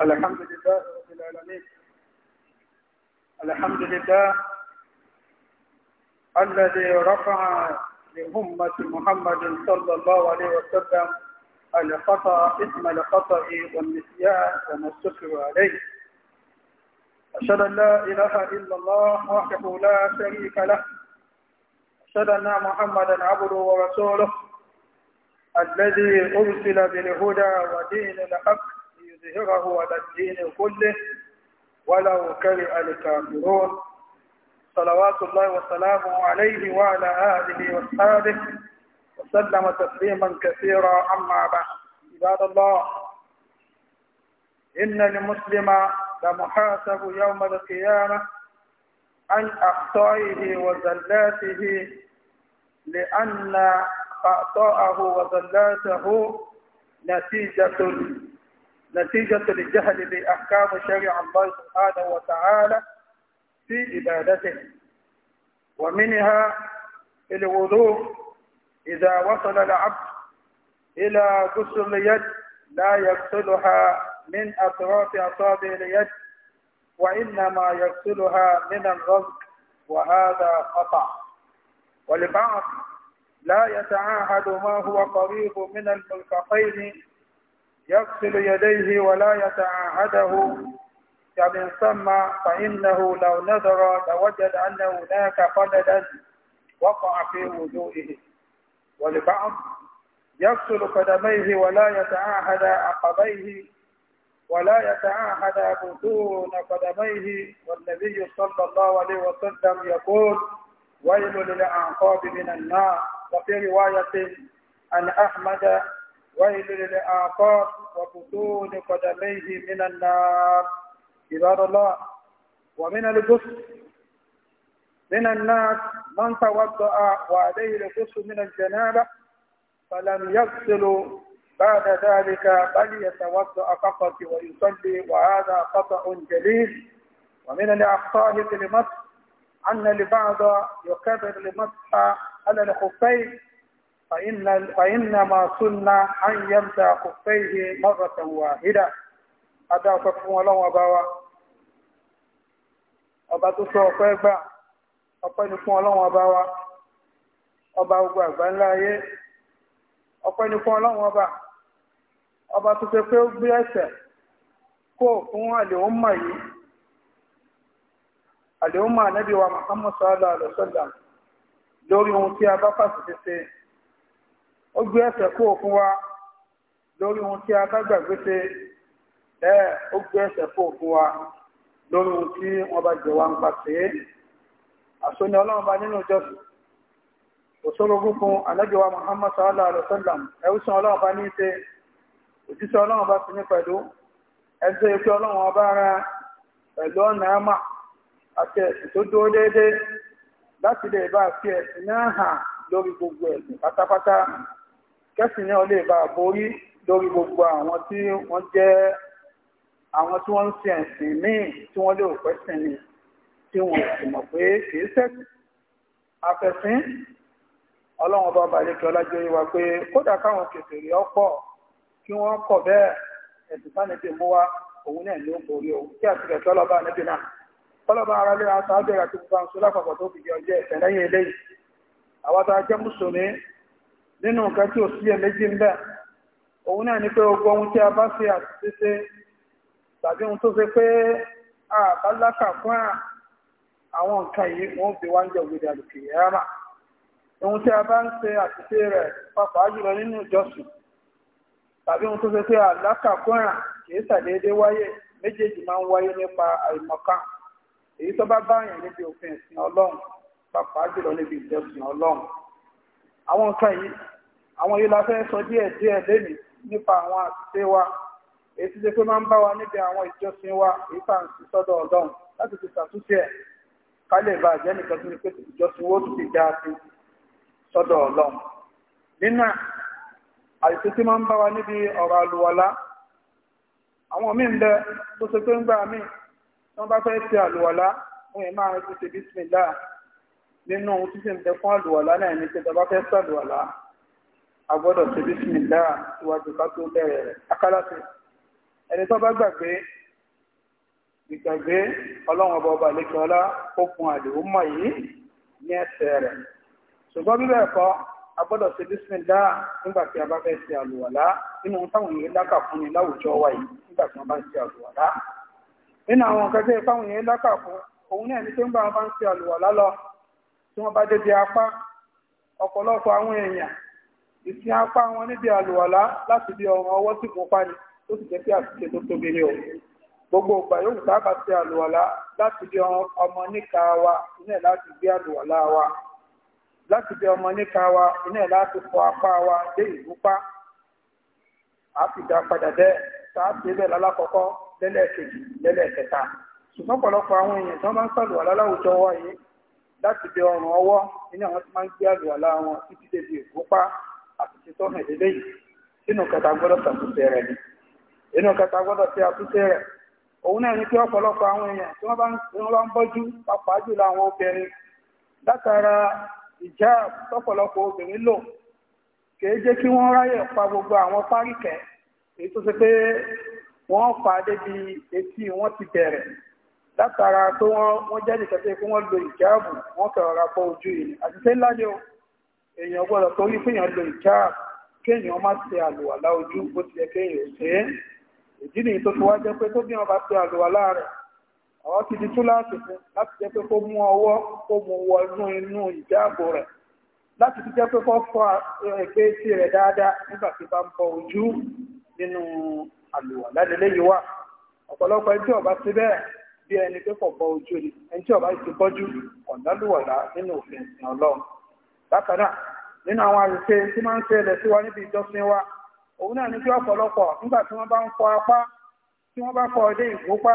الحمد لله رب العالمين الحمد لله الذي رفع لأمة محمد صلى الله عليه وسلم الخطأ اسم الخطأ والنسيان وما استشهر عليه أشهد أن لا إله إلا الله وحده لا شريك له أشهد أن محمدا عبده ورسوله الذي أرسل بالهدى ودين الحق لتظهره على الدين كله ولو كره الكافرون صلوات الله وسلامه عليه وعلى آله وأصحابه وسلم تسليما كثيرا أما بعد عباد الله إن المسلم لمحاسب يوم القيامة عن أخطائه وزلاته لأن أخطاءه وزلاته نتيجة نتيجة للجهل بأحكام شريع الله سبحانه وتعالى في عبادته ومنها الوضوء إذا وصل العبد إلى غسل اليد لا يغسلها من أطراف أصابع اليد وإنما يغسلها من الرزق وهذا خطأ ولبعض لا يتعاهد ما هو قريب من الملكقين يغسل يديه ولا يتعاهده كمن ثم فإنه لو نظر لوجد أن هناك خللا وقع في وضوئه ولبعض يغسل قدميه ولا يتعاهد عقبيه ولا يتعاهد بطون قدميه والنبي صلى الله عليه وسلم يقول ويل للأعقاب من النار وفي رواية عن أحمد ويل للاعقاب وبطون قدميه من النار عباد الله ومن البس من الناس من توضأ وعليه البس من الجنابة فلم يغسل بعد ذلك بل يتوضأ فقط ويصلي وهذا خطأ جليل ومن الأخطاء في مصر أن لبعض يكبر المسح على الخفين فإن فإنما سنة أن يمسح خفيه مرة واحدة أدا فكم الله وباوا ọba tó sọ ọpẹ́ gbà ọba wa ọba gbogbo àgbà ńlá ayé ọpẹ́ ni fún Ọlọ́run ọba ọba tó ṣe pé ó gbé ẹsẹ̀ kó fún àlèhùnmọ yìí àlèhùnmọ ànábì wa Muhammad ohun ó gbé ẹsẹ̀ kúrò fún wa lórí ohun tí a bá gbàgbé ṣe ẹ ó gbé ẹsẹ̀ wa lórí ohun tí wọ́n bá jẹ wá ń pa sí àsóní ọlọ́run bá nínú ìjọsìn òṣòrogún fún anájọwà Muhammad sallallahu alaihi wasallam ẹ̀wùsàn ọlọ́run bá ní ṣe òjíṣẹ́ ọlọ́run bá ti ní pẹ̀lú ẹgbẹ́ ikú ọlọ́run ọba pẹ̀lú ọ̀nà gbogbo ẹ̀sìn pátápátá kẹ́sì ní ọlé ìbá borí lórí gbogbo àwọn tí wọ́n jẹ́ àwọn tí wọ́n ń sin ẹ̀sìn míì tí wọ́n lè òpẹ́ sìn ni tí wọ́n sì mọ̀ pé kìí sẹ́sì afẹ́sìn ọlọ́run bá balẹ̀ kí ọlájọ́ yìí wá pé kódà káwọn kèfèrè ọ̀pọ̀ kí wọ́n kọ̀ bẹ́ẹ̀ ẹ̀sìn sánibí mú wá òun náà ní òkòrí o kí àti ẹ̀tọ́ lọ́ba níbi náà kọ́lọ́ba ara lé aṣáájú àti gbogbo àwọn sọlápapọ̀ tó fi jẹ ọjọ́ ẹ̀sẹ̀ lẹ́yìn eléyìí àwọn tó ajẹ́ mùsùlùmí nínú nǹkan tí ò sí ẹ̀mẹ́jì ń bẹ òun náà ni pé ogun ohun tí a bá ṣe àtúnṣe tàbí ohun tó ṣe pé àbálákà fún àwọn nǹkan yìí wọ́n fi wá ń jẹ ògbèdè àlùkè yàrá ohun tí a bá ń ṣe àtúnṣe rẹ̀ pàápàá jùlọ nínú ìjọsìn tàbí ohun tó ṣe pé àlákà fún kìí ṣàdédé wáyé méjèèjì máa ń wáyé nípa àìmọ̀kan èyí tó bá báyàn níbi òfin ìsìn ọlọ́run pàápàá jùlọ níbi ìjọsìn ọlọ́run àwọn nǹkan yìí àwọn yìí la fẹ́ sọ díẹ̀ díẹ̀ lẹ́nu nípa àwọn àṣìṣe wa èyí ti ṣe pé máa ń bá wa níbi àwọn ìjọsìn wa èyí tá à ń sì sọ́dọ̀ ọlọ́run láti fi ṣàtúnṣe ẹ̀ ká lè bá àjẹ́ nìkan tó ní pé ìjọsìn wo ti dá sí sọ́dọ̀ ọlọ́run nínú àìsí tí máa ń bá wa níbi ọ̀rọ̀ àlùwàlá àwọn míì ń bẹ tó ṣe pé ń gbà míì tí wọ́n bá fẹ́ ṣe àlùwàlá wọ́n yẹn máa ń ṣe bísímìlá nínú ohun tí sì ń bẹ fún àlùwàlá náà ní pé tọba fẹ́ sàlùwàlá a gbọ́dọ̀ ṣe bísímìlá síwájú ká tó bẹ̀rẹ̀ rẹ̀ akálàṣe ẹni tó bá gbàgbé ìgbàgbé ọlọ́run ọba ọba àlejò ọlá ó fún mọ̀ yìí ní ẹsẹ̀ rẹ̀ ṣùgbọ́n bí bẹ́ẹ̀ kọ́ a gbọ́dọ̀ ṣe bísímìlá nígbà tí a fẹ́ ṣe àlùwàlá nínú táwọn èèyàn lákà fún ni láwùjọ wa yìí nígbà tí wọ́n bá ń ṣe àlùwàlá nínú àwọn nǹkan tẹ́ táwọn èèyàn lákà fún òun náà ní pé ń bá wọn bá ń ṣe àlùwàlá tí wọ́n bá dédé apá ọ̀pọ̀lọpọ̀ àwọn èèyàn ìsìn apá wọn níbi àlùwàlá láti bí ọrùn ọwọ́ sì fún pani tó sì jẹ́ sí àtúnṣe tó tóbi ní o gbogbo ìgbà yóò tá a bá ṣe àlùwàlá láti bí ọmọ níka wa iná ẹ̀ láti gbé àlùwàlá wa láti bí ọmọ níka wa iná láti fọ apá wa dé ìgúnpá a sì dá padà bẹ́ẹ̀ tá a ṣe bẹ́ẹ̀ lálákọ̀ọ́kọ́ lẹ́lẹ́kejì ṣùgbọ́n ọ̀pọ̀lọpọ̀ àwọn èèyàn tí wọ́n bá ń sàlùwàlá láwùjọ wa yìí láti bẹ ọrùn ọwọ́ nínú àwọn tí máa ń gbé àlùwàlá wọn títí débi ìkópa àti títọ́ hàn lélẹ́yìn sínú kẹta gbọ́dọ̀ ṣàtúnṣe rẹ̀ ni inú kẹta gbọ́dọ̀ ṣe àtúnṣe rẹ̀ òun náà ní kí ọ̀pọ̀lọpọ̀ àwọn èèyàn tí wọ́n bá ń bọ́jú jùlọ àwọn obìnrin látara ìjà tọ́pọ̀lọpọ̀ gbogbo àwọn páríkẹ́ èyí tó ṣe pé wọ́n fà á débi etí látara pé wọ́n jẹ́ nìkan pé wọ́n lo ìjáàbù wọ́n kẹ̀rọ ra ojú ìní àtìsẹ́ ńlá ni o èèyàn gbọ́dọ̀ torí pé èèyàn lo ìjáàbù kéèyàn má ṣe àlùwàlá ojú bó ti yẹ kéèyàn ò ṣe é ìdí nìyí tó fi wá jẹ́ pé tó bí wọn bá ṣe àlùwàlá rẹ̀ àwọn ti di túláàsì fún láti jẹ́ pé kó mú ọwọ́ kó mú wọnú inú ìjáàbù rẹ̀ láti fi jẹ́ pé kó fọ ẹgbẹ́ eh, sí rẹ̀ dáadáa nígbà tí bí ẹni pé kò ojú ni ẹni tí ọba ti bọ́jú ọ̀dọ́dúwọ̀dá nínú òfin ìsìn ọlọ́run bákan náà nínú àwọn àrùké tí máa ń ṣẹlẹ̀ sí wa níbi ìjọsìn wa òun náà ní kí ọ̀pọ̀lọpọ̀ nígbà tí wọ́n bá ń fọ apá tí fọ ìgbópá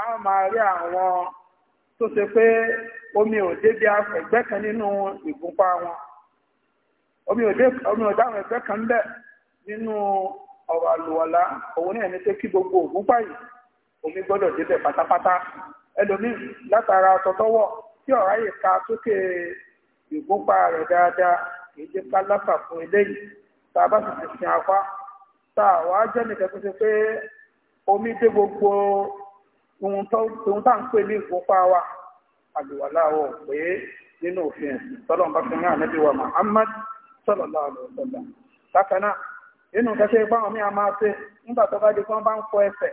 a máa rí àwọn tó ṣe omi ò débi ẹgbẹ́ kan nínú ìgbópá wọn omi ò dáhùn ẹgbẹ́ kan nínú ọ̀rọ̀ òun náà ní pé kí gbogbo yìí omi gbọ́dọ̀ débẹ̀ pátápátá ẹlòmíì látara tọ́tọ́wọ́ tí ọ̀rá yìí ka sókè ìgbópa rẹ̀ dáadáa kì í jẹ́ ká lápá fún eléyìí tá a bá sì ti sin apá tá a wàá jẹ́ nìkan tó ṣe pé omi dé gbogbo ohun tá à ń pè ní ìgbópa wa àlùwàlá wọ̀ pé nínú òfin ẹ̀sìn tọ́lọ́n bá fi rán ànábì wa Muhammad sallallahu alaihi wasallam bákan náà nínú kẹsẹ̀ ìpáwọn mi a máa ṣe nígbà tó bá di kí wọ́n bá ń fọ ẹsẹ̀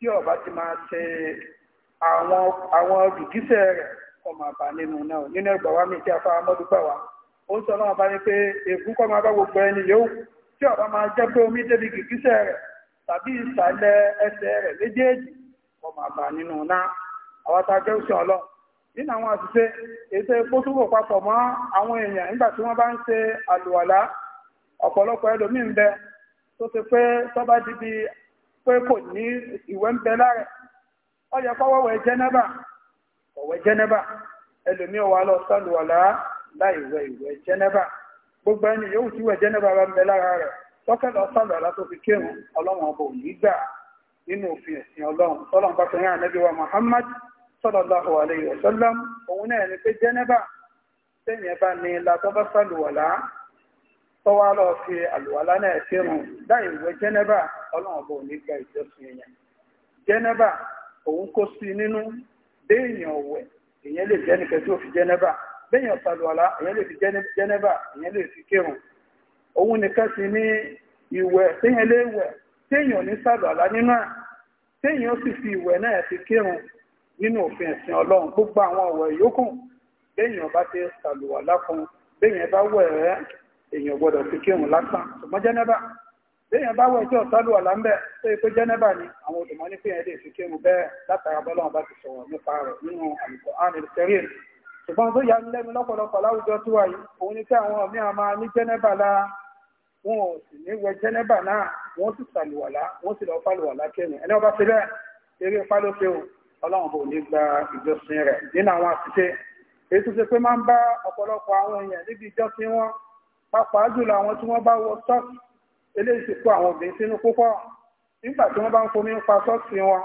tí ọba ti máa ṣe àwọn olùgíṣẹ́ rẹ kọ́ máa nínú náà nínú ẹgbà wa mi tí a fara mọ́dún gbà ó sọ náà bá ní pé ègún kọ́ máa bá gbogbo ẹni yòówù tí ọba máa jẹ́ pé omi débi gìgíṣẹ́ rẹ. tàbí méjèèjì nínú náà àwọn nínú àwọn àṣìṣe ètò epo papọ̀ mọ́ àwọn èèyàn nígbà tí wọ́n bá ń ṣe àlùwàlá ọ̀pọ̀lọpọ̀ pé kò ní ìwẹ̀ ń bẹ lára ó yẹ kọ́wọ́ wẹ̀ jẹ́nẹ́bà ọ̀wẹ̀ jẹ́nẹ́bà ẹlòmí ọwà lọ sálùwàlá láì wẹ̀ ìwẹ̀ jẹ́nẹ́bà gbogbo ẹni yóò tí wẹ̀ jẹ́nẹ́bà bá ń bẹ lára rẹ̀ tọ́kẹ́ lọ sálùwàlá tó fi kírun ọlọ́run wa Muhammad sallallahu alayhi sallam òun náà ni pé jẹ́nẹ́bà la tọ́ bá tó wá lọ fi àlùwàlá náà ṣerun láì wẹ̀ jẹ́nẹ́bà ọlọ́run bò ní gba ìjọsìn èèyàn jẹ́nẹ́bà òun kó sí nínú béèyàn ọ̀wẹ̀ èèyàn lè jẹ́nìkẹ́ tí ó fi jẹ́nẹ́bà béèyàn ṣàlùwàlá èèyàn lè fi jẹ́nẹ́bà èèyàn lè fi kírun òun nìkan sì ní ìwẹ̀ téèyàn lè wẹ̀ téèyàn ní ṣàlùwàlá nínú à téèyàn sì fi ìwẹ̀ náà fi kírun nínú òfin ẹ̀sìn ọlọ́run gbogbo àwọn ọ̀wẹ̀ yòókù béèyàn bá ti ṣàlùwàlá fún béèyàn bá wẹ̀ rẹ́ èèyàn gbọ́dọ̀ fi kírun lásán ṣùgbọ́n jẹ́nẹ́bà léèyàn bá wọ ẹjọ́ ọ̀tọ́lù ọ̀la ń tó yẹ pé jẹ́nẹ́bà ni àwọn olùmọ̀ ní pé yẹn lè fi kírun bẹ́ẹ̀ látara bọ́lọ́run bá ti sọ̀rọ̀ nípa rẹ̀ nínú àlùkò ánìlì kẹrin ṣùgbọ́n tó yà lẹ́nu lọ́pọ̀lọpọ̀ láwùjọ tí wà yìí òun ni pé àwọn míì máa ní jẹ́nẹ́bà la wọn ò sì ní wẹ jẹ́nẹ́bà náà wọ́n sì sàlùwàlá wọ́n sì lọ́ọ́ fàlùwàlá kẹrin ẹni ọba ṣe bẹ́ẹ̀ eré pálọ́fẹ́ o ọlọ́run bò ní gba ìjọsìn rẹ̀ nínú àwọn àṣìṣe èyí tó ṣe pé máa ń bá ọ̀pọ̀lọpọ̀ àwọn èèyàn níbi ìjọsìn wọn pàápàá jùlọ àwọn tí wọ́n bá wọ sọ́ọ̀sì eléyìí ti kó àwọn obìnrin sínú púpọ̀ nígbà tí wọ́n bá ń fomi ń pa sọ́ọ̀sì wọn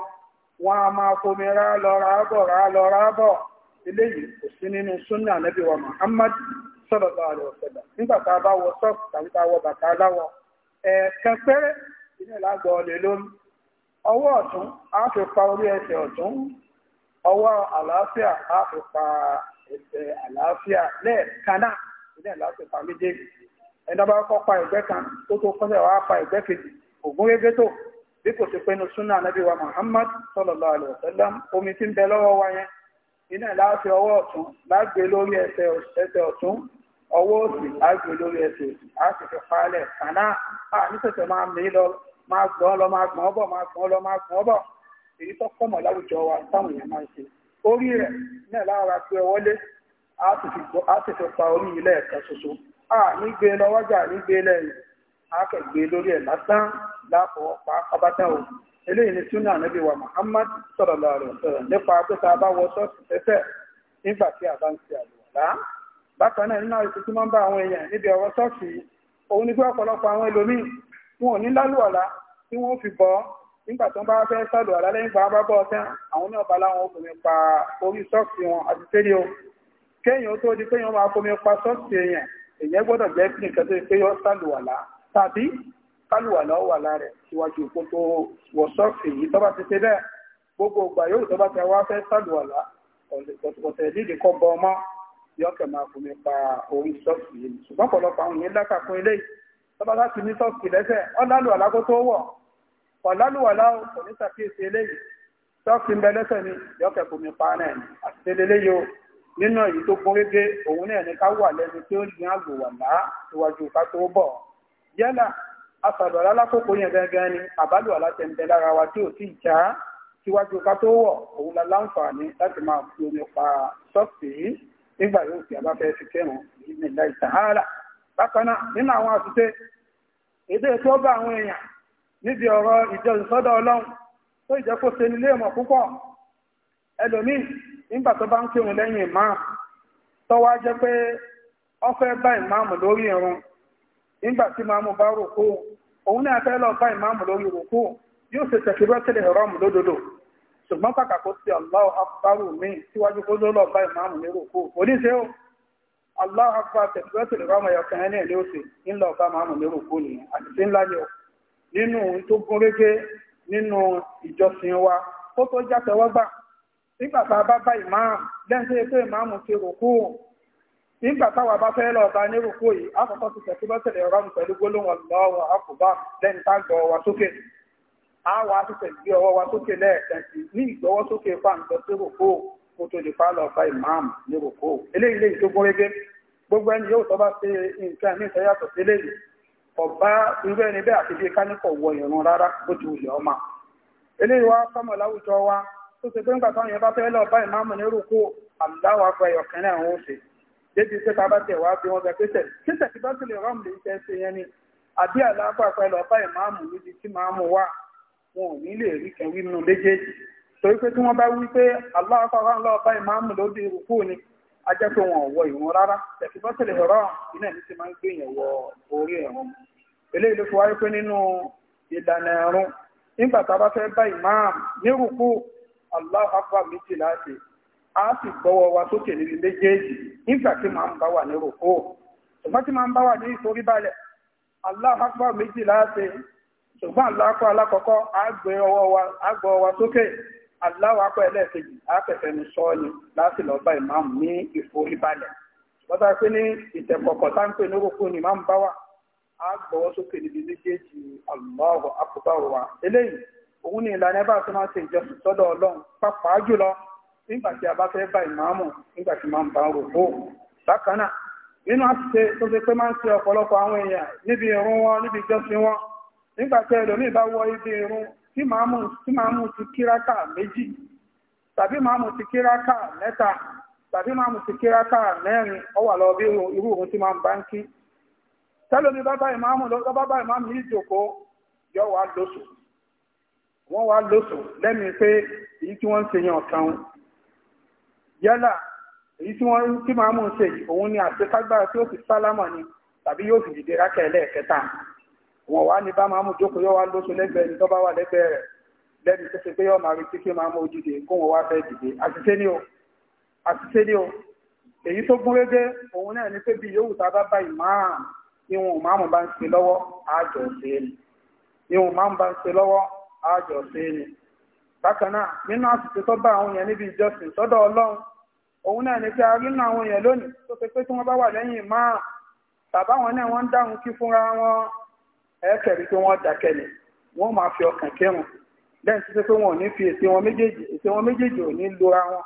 wọn a máa fomi rá lọ rá bọ̀ rá lọ rá bọ̀ eléyìí kò sí nínú súnà Ànábì wa Muhammad sallallahu alaihi wasallam nígbà tá a bá wọ sọ́ọ̀sì tàbí tá a wọ bàtà aláwọ̀ ẹ̀ẹ̀kan péré ìdílé lágbọ̀ ọ̀lẹ̀ lórí ọwọ́ ọ̀tún a fi pa orí ẹsẹ̀ ọ̀tún ọwọ́ àlàáfíà á fi pa ẹsẹ̀ àlàáfíà lẹ́ẹ̀kan náà láti pa méjèèjì ẹ̀dá bá kọ́ pa ẹ̀gbẹ́ kan ó tó kọ́sẹ̀ wá pa ẹ̀gbẹ́ kejì ògún régé tó bí kò sí pé nu súnà anábì Muhammad sallallahu alaihi wasallam omi tí ń bẹ lọ́wọ́ wa yẹn iná láti ọwọ́ ọ̀tún lágbè lórí ẹsẹ̀ ọ̀tún ọwọ́ òsì lágbè lórí ẹsẹ̀ òsì á sì fi palẹ̀ kàná à nísẹ̀sẹ̀ máa mí lọ máa gbọ́n lọ máa gbọ́n bọ̀ máa gbọ́n lọ máa gbọ́n bọ̀ èyí tó kọ́mọ̀ láwùjọ wa táwọn èèyàn máa ń á sì fi pa orí ilẹ̀ kan ṣoṣo a ní gbé lọ́wọ́jà ní gbé lẹ́yìn a kẹ̀ gbé lórí ẹ̀ lásán láfọwọ́ pa kábátà o eléyìí ni sunna anabi wa muhammad sallallahu alaihi wasallam nípa pé tá a bá wọ ṣọ́ọ̀ṣì tẹ́tẹ́ nígbà tí a bá ń ṣe àlùwàlá bákan náà nínú àìsí tí wọ́n ń bá àwọn èèyàn níbi ọwọ́ ṣọ́ọ̀ṣì òun ni bí ọ̀pọ̀lọpọ̀ àwọn ẹlòmíì wọn ò ní lálùwàlá tí wọ́n fi bọ́ nígbà tó ń bá fẹ́ sàlùwàlá lẹ́yìn gbà wọn bá bọ́ ọtẹ́ àwọn ní láwọn obìnrin pa orí ṣọ́ọ̀ṣì wọn àti tẹ́lẹ̀ o kéèyàn tó di kéèyàn máa fomi pa sọ́ọ̀sì èèyàn èèyàn gbọ́dọ̀ jẹ́ kí nǹkan tó pé yọ sálùwàlá tàbí sálùwàlá ó wà lára síwájú òkú tó wọ sọ́ọ̀sì yìí tó bá ti ṣe bẹ́ẹ̀ gbogbo ìgbà yóò tó bá ti wá fẹ́ sálùwàlá ọ̀sẹ̀ líle kọ́ bọ ọmọ yọkẹ̀ máa fomi pa orí sọ́ọ̀sì yìí ṣùgbọ́n ọ̀pọ̀lọpọ̀ àwọn yẹn lákàkún ilé tó láti ní sọ́ọ̀sì lẹ́sẹ̀ ọ̀làlùwàlá kó tó wọ̀ ọ̀làlùwàlá ni yọkẹ̀ fomi pa náà àti nínú èyí tó kún régé òun náà ní ká wà lẹ́nu tí ó yìn àlùwàlá iwájú ká tó bọ̀ yálà asàlùwàlá lákòókò yẹn gangan ni àbálùwàlá tẹ̀ ń bẹ lára wa tí ò tí ì já síwájú ká tó wọ̀ òun la láǹfààní láti máa fi omi pa sọ́ọ̀sì yìí nígbà yóò fi àbáfẹ́ fi kẹrùn ní ilẹ̀ ìtàhálà bákan náà nínú àwọn àtúnṣe èdè tó bá àwọn èèyàn níbi ọ̀rọ̀ ìjọ ìsọ́dọ̀ ọlọ́run tó ìjẹ́kó ẹlòmíì nígbà tó bá ń kírun lẹ́yìn ìmáàmù tọ́wọ́ á jẹ́ pé ó fẹ́ bá ìmáàmù lórí ìrun nígbà tí ìmáàmù bá rùkú òun náà fẹ́ lọ bá ìmáàmù lórí rùkú yóò ṣe tẹ̀síwẹ́tẹ̀lẹ̀ ìrọ̀mù lódodo ṣùgbọ́n kàkà sí Allahu akbaru mi síwájú kó bá ìmáàmù ní o akbar bá ìmáàmù ní nìyẹn o nínú tó nínú ìjọsìn nígbà tá a bá bá ìmáàmù lẹ́yìn tó yẹ pé ìmáàmù ti rùkú nígbà táwa bá fẹ́ lọ bá ní rùkú yìí àkọ́kọ́ ti tẹ̀sí lọ́sẹ̀lẹ̀ ọ̀rọ̀ mi pẹ̀lú gbólóhùn ọ̀lọ́wọ̀ àkùbá lẹ́yìn tá a wa sókè a wà á ti tẹ̀sí ọwọ́ wa sókè lẹ́ẹ̀kẹ́sì ní ìgbọ́wọ́ sókè fà ń lọ sí rùkú kó tó lè fà lọ bá ìmáàmù ní rùkú eléyìí léyìí tó gún régé gbogbo ẹni yóò tọ́ bá ṣe nǹkan ní ìtọ́yàtọ̀ sí léyìí ọba irú ẹni bẹ́ẹ̀ àti bí káníkọ̀ wọ ìrún rárá bó ti wù tó ṣe pé ń gbàtọ́ yẹn bá fẹ́ lọ bá ìmáàmù ní rúkú àláwọ̀ afọ ẹ̀yọ̀ kan náà wọ́n ṣe débi pé ta bá tẹ̀ wá bí wọ́n sọ pé tẹ̀ tí tẹ̀ tí bá tilẹ̀ rọ́ọ̀m lè fẹ́ ṣe yẹn ni àbí àláwọ̀ afọ ẹ̀lọ́ bá ìmáàmù níbi tí máàmù wà wọn ò ní lè rí kan wí nínú méjèèjì torí pé tí wọ́n bá wí pé àláwọ̀ afọ ẹ̀lọ́ bá ìmáàmù lóbi rúkú ni a jẹ́ pé wọn ò wọ ìwọ̀n rárá tẹ̀ tí bá allah akbar méjì láti a sì gbọ́wọ́ wa sókè níbi méjèèjì nígbà tí máa ń bá wà ní rògbò ṣùgbọ́n tí máa ń bá wà ní ìsorí balẹ̀ allah méjì láti ṣùgbọ́n alákọ̀ọ́kọ́ a ọwọ́ wa sókè a láti lọ bá ìmáàmù ní ìforí balẹ̀ pé ní ìtẹ̀kọ̀kọ̀ tá ń pè a òun ni ìlànà ẹbá tó máa ṣe ìjọsìn sọ́dọ̀ ọlọ́run pàápàá jùlọ nígbà tí a bá fẹ́ bá ìmáàmù nígbà tí máa ń bá rò ó bákan náà nínú àṣìṣe tó ṣe pé máa ń wọn níbi wọn ibi tí ti kíráká méjì tàbí ti kíráká mẹ́ta tàbí ti kíráká mẹ́rin wà lọ bí irú òun tí máa ń bá ń kí tẹ́lómi bá bá ìmáàmù yìí jòkó wọ́n wá lóṣù lẹ́mi pé èyí tí wọ́n ń ṣe yàn kan yálà èyí tí wọ́n tí máa mú un ṣe yìí òun ni àṣekágbára tí ó fi sálámà ni tàbí yóò fi dìde rákẹ́ ẹlẹ́ẹ̀kẹta wọ́n wá ní bá máa mú jókòó yóò wá lóṣù lẹ́gbẹ̀ẹ́ ní tó bá wà lẹ́gbẹ̀ẹ́ rẹ̀ lẹ́ni tó ṣe pé yóò máa retí kí máa mú ojúde kó wọn wá fẹ́ dìde àṣìṣe ni o àṣìṣe ni o èyí tó a bá bá ìmáàmù ìwọn ìmáàmù bá ń ṣe lọ́wọ́ àjọ ṣe ni ìwọn ìmáàmù ajọ ṣe ni nínú àsìkò tó bá àwọn èèyàn níbi ìjọsìn sọ́dọ̀ ọlọ́run òun náà ní pé a rí nínú àwọn wà lẹ́yìn máa bàbá wọn náà wọ́n ń dáhùn kí fúnra wọn ẹ̀ẹ́kẹ̀rí pé wọ́n dákẹ́ ni wọ́n máa fi ọkàn kírun lẹ́yìn tó pé wọn méjèèjì ètè wọn méjèèjì ò ní wọn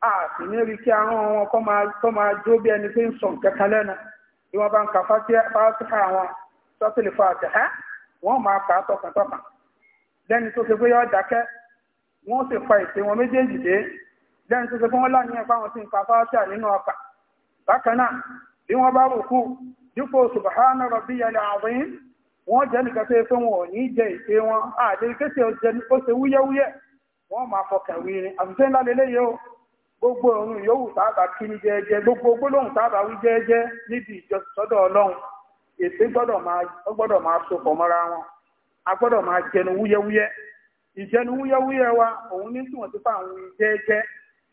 a sì ní rí kí àwọn wọn kọ́ máa jó bí ẹni pé ń sọ nǹkan kan lẹ́nu bí wọ́n bá ń lẹ́ni tó ṣe pé yọ́ dákẹ́ wọ́n sì fa ìpè wọn méjèèjì dé lẹ́ni tó ṣe pé wọ́n láàyè wọn sí ń ka nínú ọkà bákan náà bí wọ́n bá rùkú dípò subhana rabbiyal azim wọ́n jẹ́ nìkan wọn ò ní jẹ wọn kéṣe ó ṣe wúyẹ́wúyẹ́ wọ́n máa fọkàn wí ni o gbogbo òun yòówù sábà kí ni jẹ́ẹ́jẹ́ gbogbo gbólóhùn sábà wí jẹ́ẹ́jẹ́ níbi Ọlọ́run gbọ́dọ̀ a gbọ́dọ̀ máa jẹnu wúyẹ́wúyẹ́ ìjẹnu wúyẹ́wúyẹ́ wa òun ní tí wọ́n ti fa àwọn jẹ́ẹ́jẹ́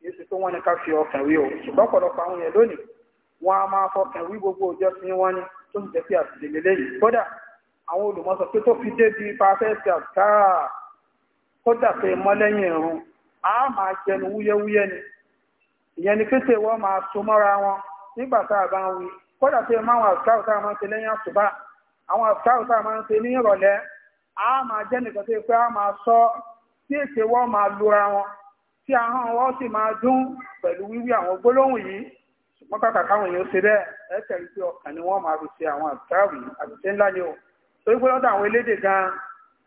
yéṣu tó wọ́n ní ká fi ọkàn wí o ṣùgbọ́n ọ̀pọ̀lọpọ̀ àwọn yẹn lónìí wọ́n á máa fọkàn wí gbogbo ọjọ́ sí wọn ni tó ń jẹ́ sí àtìlélé lẹ́yìn kódà àwọn olùmọ̀sọ pé tó fi débi ipa fẹ́ẹ́sì àtàrà kódà pé mọ́lẹ́yìn ẹ̀rùn á máa jẹnu wúyẹ́wúyẹ́ ni ìyẹn ni pété wọ́n máa so mọ́ra wọn nígbà tá a bá ń wí kódà pé máwọn àtàrà tá a máa ń ṣe lẹ́yìn àtùbà àwọn àtàrà tá a máa ń ṣe ní ìrọ̀lẹ́ a máa jẹ́ nìkan tó pé a máa sọ tí èsè wọ́n máa lura wọn tí ahọ́n wọn sì máa dún pẹ̀lú wíwí àwọn gbólóhùn yìí ṣùgbọ́n kàkà káwọn èèyàn ṣe bẹ́ẹ̀ ẹ tẹ̀lé pé ọkàn ni wọ́n máa fi ṣe àwọn àtàwì àṣìṣe ńlá ni o torí pé lọ́dọ̀ àwọn elédè gan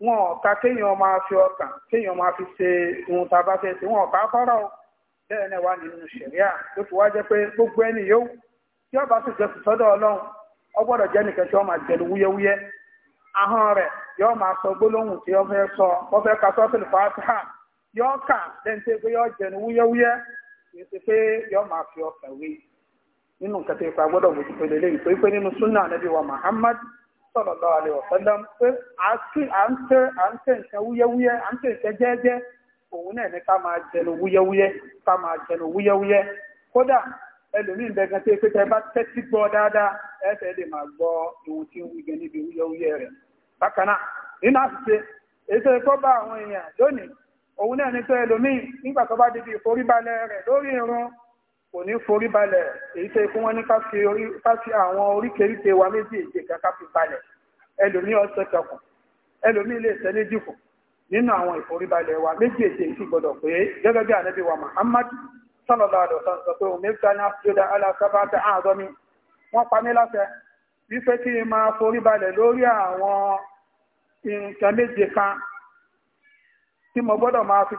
wọn ọ̀ka kéèyàn máa fi ọkàn kéèyàn máa fi ṣe ohun tá a bá fẹ́ ṣe wọn ọ̀ka kọ́rọ̀ o bẹ́ẹ̀ náà wà nínú ṣẹ̀ríà ló fi wá jẹ́ pé gbogbo ẹni yòówù tí ọba sì jẹ́ sọ́dọ̀ ọlọ́run ọgbọ́dọ̀ jẹ́ nìkan tí wọ́n máa jẹ̀lú wúyẹ́wúyẹ́ ahọ́n rẹ̀ ma máa sọ gbólóhùn tí wọ́n fẹ́ sọ wọ́n fẹ́ ka sọ́tìlì fàtíhà yóò kà lẹ́ńtẹ́ pé yóò jẹnu wúyẹ́wúyẹ́ kìí pé yóò máa fi ọkàn wé nínú wa Muhammad pé à ń tẹ nǹkan wúyẹ́wúyẹ́ à ń tẹ nǹkan jẹ́ẹ́jẹ́ òun náà ká máa jẹnu wúyẹ́wúyẹ́ ká máa jẹnu wúyẹ́wúyẹ́ ẹlòmíì bẹ̀gàn tó pé tẹ́ bá tẹ́tí gbọ́ dáadáa ẹ̀fẹ̀ lè máa ohun tí ń wí gan níbi wúyẹ́wúyẹ́ rẹ bákan náà nínú àṣìṣe èso ẹ̀kọ́ bá àwọn èèyàn lónìí òun náà ní pé ẹlòmíì nígbà tó bá débi rẹ̀ lórí irun kò ní èyí tó ikú wa méjì èdè kan ká fi kẹkùn lè wa méjì èdè yìí sì pé bí sọ́lọ́lá àdọ̀ sọ sọ pé omi ta ní àfijọ́dá alásábà tẹ àádọ́ mi wọ́n pa mí láṣẹ wípé kí n máa forí balẹ̀ lórí àwọn nǹkan méje kan tí mo gbọ́dọ̀ máa fi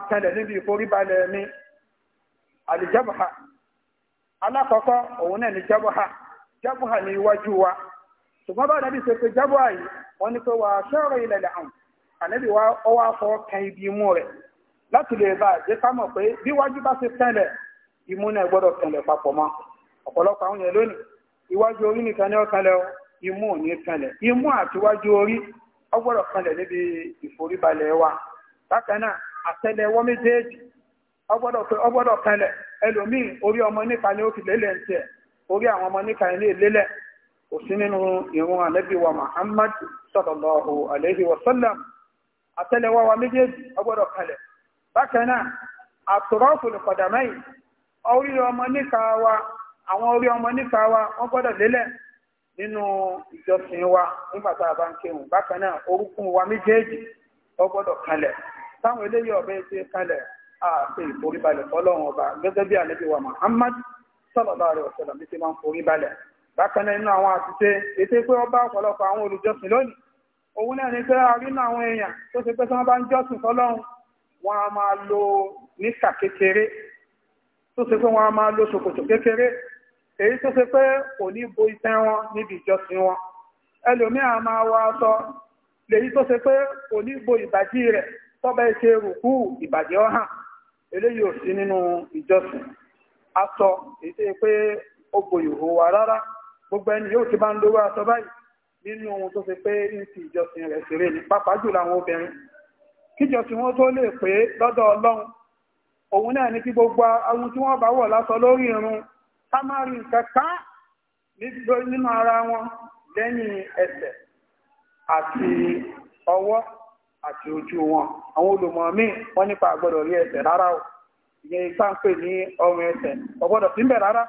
alákọ̀ọ́kọ́ òun náà ni jábọ̀há jábọ̀há ní iwájú wa ṣùgbọ́n bá nàbí ṣe pé jábọ̀há yìí wọ́n ní pé wà á ilẹ̀ làwọn ànábì wa ọwọ́ afọ kan ibi imú rẹ̀ láti lè bá àjẹ́ ká mọ̀ pé imú náà gbọ́dọ̀ kanlẹ̀ papọ̀ mọ́ ọ̀pọ̀lọpọ̀ àwọn yẹn lónìí iwájú orí nìkan ní ọ̀kanlẹ̀ o imú ò ní imú àti iwájú orí ó kanlẹ̀ níbi ìforíbalẹ̀ wa bákan náà àtẹ́lẹwọ́ méjèèjì ó kanlẹ̀ ẹlòmíì orí ọmọ ni ó fi orí ọmọ níka wa àwọn orí ọmọ níka wa wọn gbọdọ lélẹ̀ nínú ìjọsìn wa nígbà tá bákan náà orúkún wa méjèèjì táwọn eléyìí ṣe ọba gẹ́gẹ́ bí àlejò wa Muhammad sallallahu ti máa ń bákan náà nínú àwọn ọba ọpọlọpọ àwọn olùjọsìn lónìí òun náà pé àwọn èèyàn tó ṣe pé tí bá ń a máa lo níkà kékeré tó ṣe pé wọ́n a máa lo ṣòkòtò kékeré èyí tó ṣe pé kò ní bo iṣẹ́ wọn níbi ìjọsìn wọn ẹlòmíà máa wọ aṣọ lèyí tó ṣe pé kò ní bo ìbàdí rẹ̀ tọ́bẹ̀ ṣe rùkú ìbàdí ọ̀hàn eléyìí ò sí nínú ìjọsìn aṣọ èyí tó ṣe pé ó bo ìhò wa rárá gbogbo ẹni yóò ti bá ń lówó aṣọ báyìí nínú ohun tó ṣe pé ń ti ìjọsìn rẹ̀ ṣeré ní pàápàá jùlọ àwọn obìnrin kíjọsìn wọn tó lè pé lọ́dọ̀ Ọlọ́run òun náà ní kí gbogbo àwọn tí wọ́n bá wọ̀ lásọ lórí irun ká má rí nínú ara wọn lẹ́yìn ẹsẹ̀ àti ọwọ́ àti ojú wọn àwọn olùmọ̀ míì wọ́n nípa àgbọ́dọ̀ rí ẹsẹ̀ rárá o ìyẹn ipá ń pè ní ọrùn ẹsẹ̀ ọgbọ́dọ̀ sí ń bẹ̀ rárá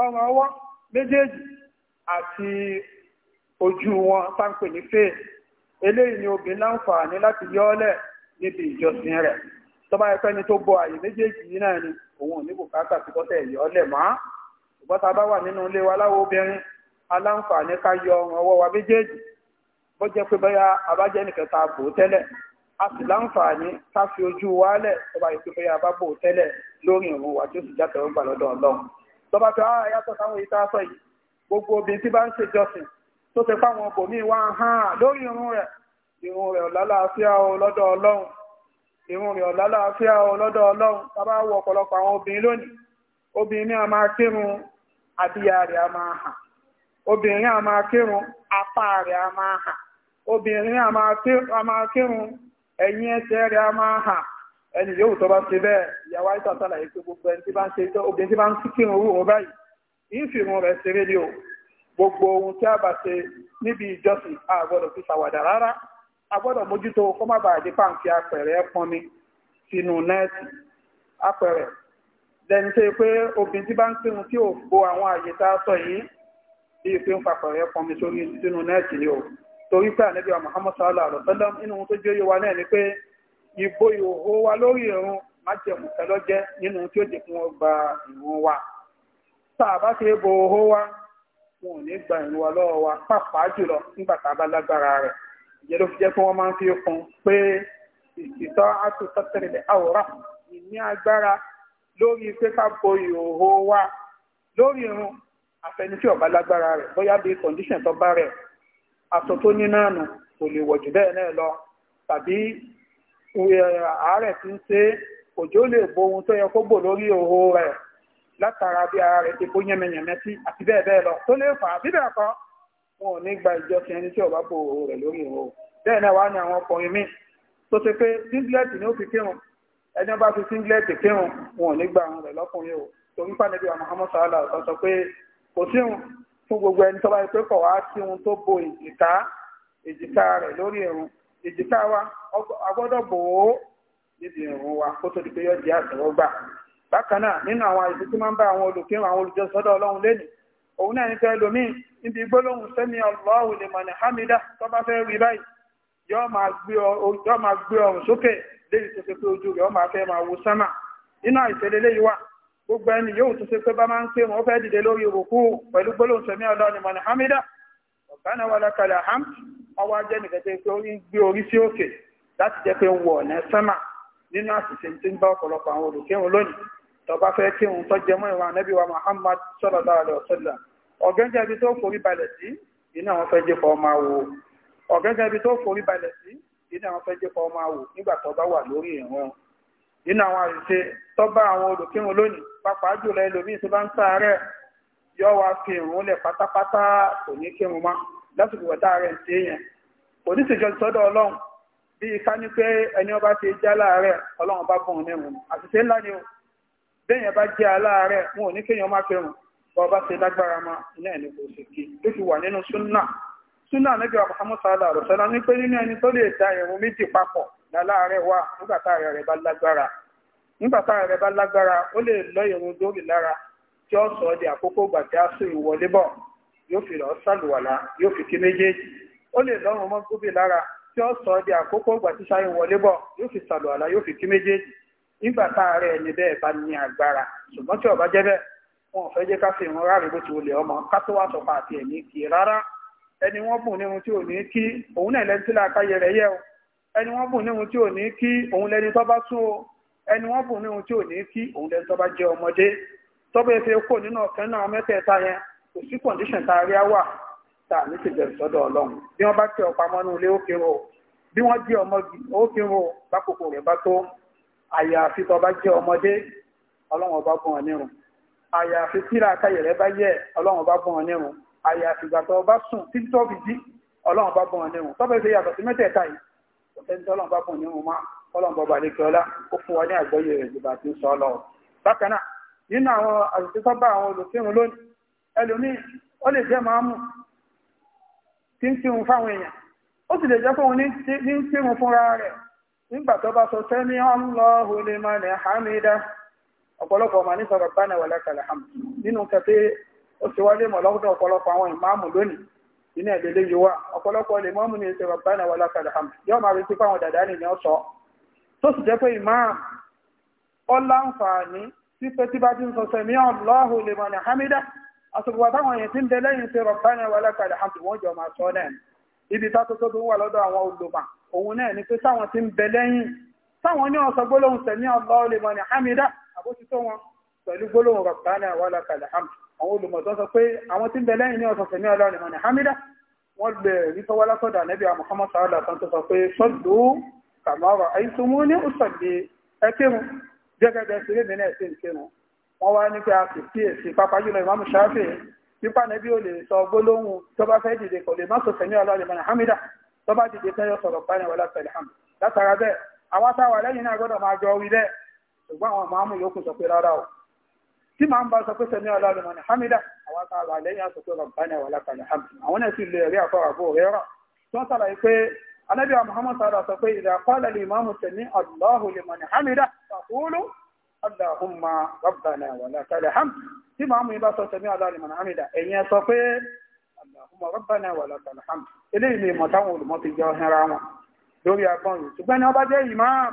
ọrùn ọwọ́ méjèèjì àti ojú wọn tá ń pè ní fèè eléyìí ni obìnrin láǹfààní láti yọ́ ọ́lẹ̀ níbi ìjọsìn rẹ̀ sọba ẹ̀fẹ́ tó bọ àyè méjèèjì yìí náà ni òun ò ní bùkátà sí kọ́tẹ̀ ọ ọ̀lẹ̀ mọ́ ṣùgbọ́n tá a bá wà nínú ilé wa láwọn obìnrin aláǹfààní ká yọ ọwọ́ wa méjèèjì bó jẹ́ pé bóyá abájẹ́ nìkan ta bò tẹ́lẹ̀ a wa lẹ̀ tọ́ba yìí pé bóyá abá bò tẹ́lẹ̀ lórí wa tí ó sì jáde ọgbà lọ́dọ̀ ọlọ́run tó ah, yàtọ̀ irun rẹ̀ ọ̀lá ọlọ́dọ̀ ọlọ́run tábà wọ ọ̀pọ̀lọpọ̀ àwọn obìnrin lónìí obìnrin a máa kírun àbíyà rẹ̀ a máa hàn obìnrin a máa kírun apá rẹ̀ a máa hàn obìnrin a máa kírun ẹ̀yìn ẹsẹ̀ rẹ̀ a máa hàn ẹni yóò tó bá gbogbo ẹni tí bá ń ṣe tó obìnrin tí bá fi ṣàwàdà a gbọ́dọ̀ mójútó kó má bàa di pàǹkì apẹ̀rẹ̀ pọnmi sínú nẹ́ẹ̀tì apẹ̀rẹ̀ lẹ́ni tó yẹ pé obìnrin tí bá ń tí ò bo àwọn àyè tá a sọ yìí bí i pé ń papẹ̀rẹ̀ sórí ni o torí pé ànábì wa Muhammad sallallahu alaihi wa sallam inú ohun tó wa náà ni pé ìbò ìhòhò wa lórí ìrun nínú tí wa tá a bá bo ìhòhò wa wọn ò ní ìyẹn ló fi jẹ́ pé wọ́n máa ń fi kún pé ìtọ́ àtúntọ́tẹ̀lẹ̀ àwòrán ìní agbára lórí pé ká bo ìhòòhò wa lórí irun àfẹnusí ọ̀bá lágbára rẹ̀ bóyá bí kọ̀ǹdíṣàn tó bá rẹ̀ aṣọ tó ní náà nù kò lè wọ̀ jù bẹ́ẹ̀ náà lọ tàbí àárẹ̀ tí ń ṣe òjò lè bo ohun tó yẹ kó bò lórí ìhòòhò rẹ̀ látara bí ara rẹ̀ ti kó yẹmẹyẹmẹ sí àti bẹ́ẹ̀ bẹ́ẹ̀ lọ tó lè fà á bíbẹ̀ kan wọn ò ní gba ìjọsìn ẹni tí ọba bò ó rẹ̀ lórí ìwọ̀ bẹ́ẹ̀ náà wá ní àwọn ọkùnrin míì tó ṣe pé singlet ni ó fi kírun ẹni bá fi singlet kírun wọn ò ní gba àwọn rẹ̀ lọ́kùnrin o torí pàdébí wa Muhammad sahala ọ̀sán sọ pé kò síhun fún gbogbo ẹni tó bá yẹ pé kọ̀ wá sí ohun tó bo èjìká èjìká rẹ̀ lórí ẹ̀rùn èjìká wa a gbọ́dọ̀ bò ó níbi ẹ̀rùn wa kó tó di pé yọ jẹ́ àtẹ̀wọ́gbà bákan náà nínú àwọn àìsí tí máa ń bá àwọn olùkírun àwọn olùjọsọ́dọ̀ ọlọ́run lẹ́nu òun náà ní fẹ́ lomiin níbi gbólóhùn sẹ́mi Allahu liman hamida tó bá fẹ́ rí báyìí yóò máa gbé ọrùn sókè léyìí tó ṣe pé ojú rẹ̀ ó máa fẹ́ máa wo sánmà nínú àìsẹ̀lẹ̀ léyìí wà gbogbo ẹni yóò tó ṣe pé bá máa ń pè wọ́n fẹ́ dìde lórí òkú pẹ̀lú gbólóhùn sẹ́mi Allahu liman hamida ọ̀gbánà wà lákàlà ham. ọwọ́ ajẹ́ nìkan tó ṣe orí gbé orí sí òkè láti jẹ́ pé ń wọ̀ ọ̀nà sánmà nínú àṣìṣe tí ń bá ọ̀pọ̀lọpọ̀ àwọn olùkírun lónìí tó bá fẹ́ kírun tó jẹmọ́ ìwà Ànábì wa Muhammad sallallahu alaihi wasallam ọ̀gẹ́jẹ́ ibi tó forí balẹ̀ sí iná àwọn fẹ́ jẹ́ fọ́ máa wò ọ̀gẹ́jẹ́ ibi tó forí balẹ̀ sí iná àwọn fẹ́ jẹ́ fọ́ máa wò nígbà tó bá wà lórí ìrun nínú àwọn àṣìṣe tó bá àwọn olùkírun lónìí pàápàá jùlọ ẹlòmíín tó bá ń ṣàárẹ̀ yọ wá fi ìrun lẹ̀ pátápátá kò ní kírun mọ́ lásìkò wọ̀tá rẹ̀ ń ṣe yẹn kò ní sì jọ sọ́dọ̀ ọlọ́run bí i ká ní pé ẹni ọba ti jẹ́ aláàárẹ̀ ọlọ́run bá bùn nírun àṣìṣe ńlá ni o béèyàn bá jẹ́ aláàárẹ̀ wọn ò ní kéèyàn má fi wọ́n bá ṣe lágbára ma iná ẹni kò sì kí tó fi wà nínú súnà súnà níbi wa Muhammad sallallahu alaihi ní pé nínú ẹni tó lè da ìrun méjì papọ̀ láláàárẹ̀ wà nígbà táàrẹ̀ rẹ̀ bá lágbára rẹ̀ bá lágbára ó lè lọ dórí lára tí ó sọ di àkókò ìwọlé bọ̀ yóò fi lọ yóò fi kí méjèèjì ó lè gómìn lára tí ó sọ di àkókò wọn ò fẹ́ jẹ́ ká fi ìrún rárẹ̀ bó ti wọlé ọmọ ká tó wá sọ̀pá àti ẹ̀mí kì í rárá ẹni wọ́n bùn níhun tí ò ní kí òun náà lẹ́ni tí làákàyè rẹ̀ yẹ o ẹni wọ́n bùn níhun tí ò ní kí òun lẹ́ni tó bá sún o ẹni wọ́n bùn níhun tí ò ní kí òun lẹ́ni tó bá jẹ́ ọmọdé tọ́bẹ̀ fi kó nínú ọ̀kẹ́ náà mẹ́tẹ̀ẹ̀ta yẹn kò sí kọ̀ǹdíṣàn tá a rí wà tá a ní ti bẹ̀rẹ̀ sọ́dọ̀ ọlọ́run bí wọ́n bá tẹ ọ̀pamọ́ nínú ilé ó kí ro bí wọ́n jẹ́ ọmọ ó kí ro bákòókò rẹ̀ bá tó àyàfi tó bá jẹ́ ọmọdé ọlọ́run ọba gùn ọ̀ nírun àyàfi síra káyẹ̀rẹ́ bá yẹ ọlọ́run bá bọ̀n nírun àyàfi ìgbà tó bá sùn títí tó fi jí ọlọ́run bá bọ̀n nírun tọ́bẹ̀ ṣe yàtọ̀ sí mẹ́tẹ̀ẹ̀ta yìí ọ̀tẹ́ni tó ọlọ́run bá bọ̀n nírun má ọlọ́run bọ̀bà lè ó fún wa ní àgbọ́yé rẹ̀ jù bá ti sọ lọ. bákan náà nínú àwọn àṣìṣọ́bà àwọn lónìí ẹlòmíì ó lè jẹ́ ọ̀pọ̀lọpọ̀ ọmọ ní sọ̀rọ̀ bánà wà lákàlẹ̀ hàm nínú kẹfẹ́ ó ti wáyé mọ̀ lọ́dọ̀ ọ̀pọ̀lọpọ̀ àwọn ìmáàmù lónìí inú ẹ̀ lélẹ́ yìí wá ọ̀pọ̀lọpọ̀ lè mọ́mù ní sọ̀rọ̀ bánà wà lákàlẹ̀ hàm yóò máa retí fáwọn dàdá ni ni ó sọ tó sì jẹ́ pé ìmáàmù ó láǹfààní tí pé tí bá ti ń sọ sẹ́mi Allahu liman hamida àsopọ̀ táwọn èèyàn ti ń dẹlẹ́yìn sọ̀rọ̀ bánà wà lákàlẹ̀ hàm wọ́n jọ máa sọ náà ibi tá tó tó tó wà lọ́dọ̀ àwọn olùmọ̀ òun náà ni pé táwọn ti ń bẹ lẹ́yìn táwọn ní ọ̀sọ̀ gbólóhùn sẹ́mi Allahu liman hamida bó ti tó wọn pẹ̀lú gbólóhùn rabbana wa lakal hamd àwọn olùmọ̀tọ́ sọ pé àwọn tí ń bẹ lẹ́yìn ní ọ̀sán fẹ̀mí ọlọ́run mọ̀nà hamida wọ́n lè rí tọ́wọ́ látọ̀dọ̀ ànẹ́bí Muhammad sallallahu alaihi wasallam tó sọ pé sallu kama ra'aytumuni usalli ẹkẹrùn gẹ́gẹ́ bẹ́ẹ̀ sí rèmi náà sí ìkẹrùn wọ́n wá ní pé a sì kíyèsí pápá jùlọ ìmáàmù ṣáfì nípa ànẹ́bí ò lè sọ gbólóhùn tó bá fẹ́ dìde kò lè má sọ fẹ̀mí mọ̀nà hamida tó bá dìde tẹ́yọ sọ̀rọ̀ pálẹ̀ wọlé pẹ̀lú ham látara bẹ́ẹ̀ àwọn táwa lẹ́yìn náà gbọ́dọ̀ máa jọ wí bẹ́ẹ̀ ṣùgbọ́n àwọn màámù yòókù sọ pé rárá o tí màá ń bá sọ pé sẹmi ọlọ́run mọ̀ni hamida àwọn tá a wà lẹ́yìn àsopọ̀ rabbana wa lakal hamd àwọn náà sì lè rí àkọ́rọ̀ àbò rẹ̀ rọ̀ tí wọ́n sàlàyé pé anábìá muhammad sọ̀rọ̀ sọ pé idha qala al-imamu sẹ̀mí allahu limani hamida faqulu allahumma rabbana wa lakal hamd tí màámù yìí bá ìmọ̀ táwọn olùmọ̀ fi jẹ́ ọ̀hẹ́ra wọn lórí agbọ́n yìí ṣùgbọ́n ni jẹ́ ìmáàmù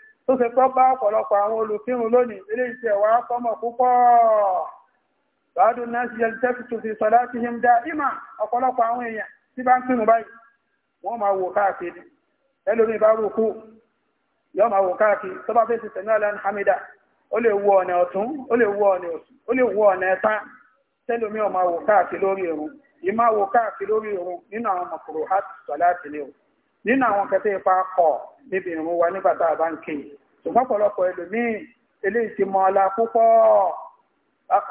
tó fi pọ́ bá ọ̀pọ̀lọpọ̀ àwọn olùkírun lónìí ilé iṣẹ́ wa fọ́mọ̀ púpọ̀ báàdùn náà ti yẹn tẹ́kù tó fi sọ̀dá ti yẹn dá ìmà hamida ó lè wọ ọ̀nà ọ̀tún ó lè wọ ọ̀nà ọ̀tún ó lè wọ ọ̀nà ẹ̀ta tẹ́lòmíì máa lórí ìmá lórí nínú àwọn mọ̀kòrò hàtì nínú àwọn ipa kọ̀ níbi wa ṣùgbọ́n pọ̀lọpọ̀ ẹlòmíì eléyìí ti mọ ọlá púpọ̀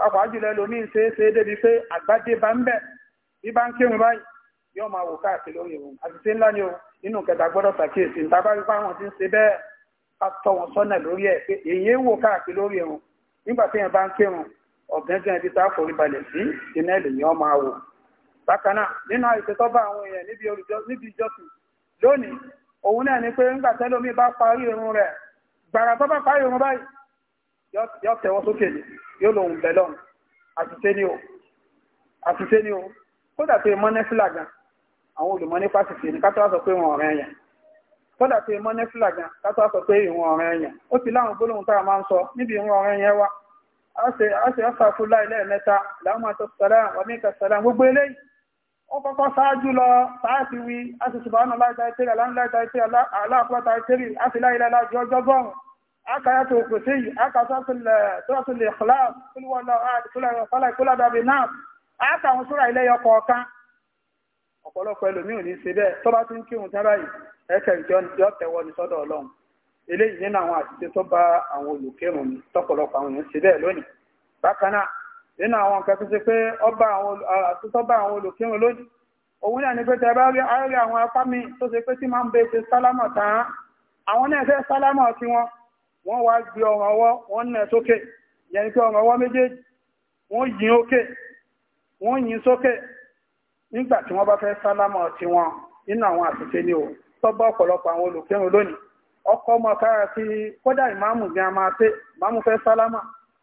ọkọ̀ àjùlọ ẹlòmíì ṣe é ṣe é débi pé àgbájé bá ń bẹ̀ bí bá ń kírun báyìí yóò máa wò káàkiri lórí òun àṣìṣe ńlá ni o nínú kẹta gbọ́dọ̀ ṣàkíyèsí níta bá rí fáwọn tí ń ṣe bẹ́ẹ̀ ká tọ́ wọn sọ́nà lórí ẹ̀ pé èyí ń wò káàkiri lórí òun nígbà tí yẹn bá ń kírun ọ̀gẹ́gẹ́ gbàrà tó bá parí irun báyìí yóò tẹ̀wọ́ sókè ní yóò lòun bẹ̀ àtúnṣe o kódà tó mọ́ àwọn olùmọ́ ní fásitì ní kátó sọ pé ìwọ̀n ọ̀rẹ́ kódà tó mọ́ kátó sọ pé ìwọ̀n ọ̀rẹ́ ó ti láwọn tá a máa ń sọ níbi ìwọ̀n ọ̀rẹ́ yẹn wa a ṣe ọ́sàfúláì lẹ́ẹ̀mẹ́ta làwọn gbogbo eléyìí ó kọ́kọ́ ṣáájú lọ sáàtì wí asìsìbánu láìta ìtẹ́rì aláǹláìta ìtẹ́rì aláàfọ́ta ìtẹ́rì afìláìlẹ́ láti ọjọ́ bọ́ọ̀rùn akayatu kùsì akasọ́tulẹ̀ tọ́tulẹ̀ ìkọláàf kúlúwọ́lọ́ àdìkúlẹ̀ ìkúládàbí náà akàwọn súra ilé ọkọ̀ ọ̀kan ọ̀pọ̀lọpọ̀ ẹlòmíì ò ní ṣe bẹ́ẹ̀ tó bá ti ń kírun tábà yìí ẹ̀kẹ́ ìjọ tẹ̀wọ́ ní sọ́dọ̀ ọlọ́run eléyìí nínú àwọn àṣìṣe tó bá àwọn olùkírun ní tọ́pọ̀lọpọ̀ àwọn èèyàn ṣe bẹ́ẹ̀ lónìí bákan náà nínú àwọn nǹkan tó ṣe pé ọba àwọn olùkírun lójú òun náà ni pé tẹ bá rí àárí àwọn apá mi tó ṣe pé tí máa ń bẹ ṣe sálámọ̀ tán àwọn náà fẹ́ sálámọ̀ wọn wọ́n wá gbé ọrùn ọwọ́ wọ́n nà sókè yẹn pé ọrùn ọwọ́ méjèèjì wọ́n yìn ókè wọ́n yìn sókè nígbà tí wọ́n bá fẹ́ sálámọ̀ wọn nínú àwọn àṣìṣe ni ò tọ́gbọ́ ọ̀pọ̀lọpọ̀ àwọn olùkírun lónìí ọkọ̀ ọmọ kára sí kódà ìmáàmù máa ìmáàmù fẹ́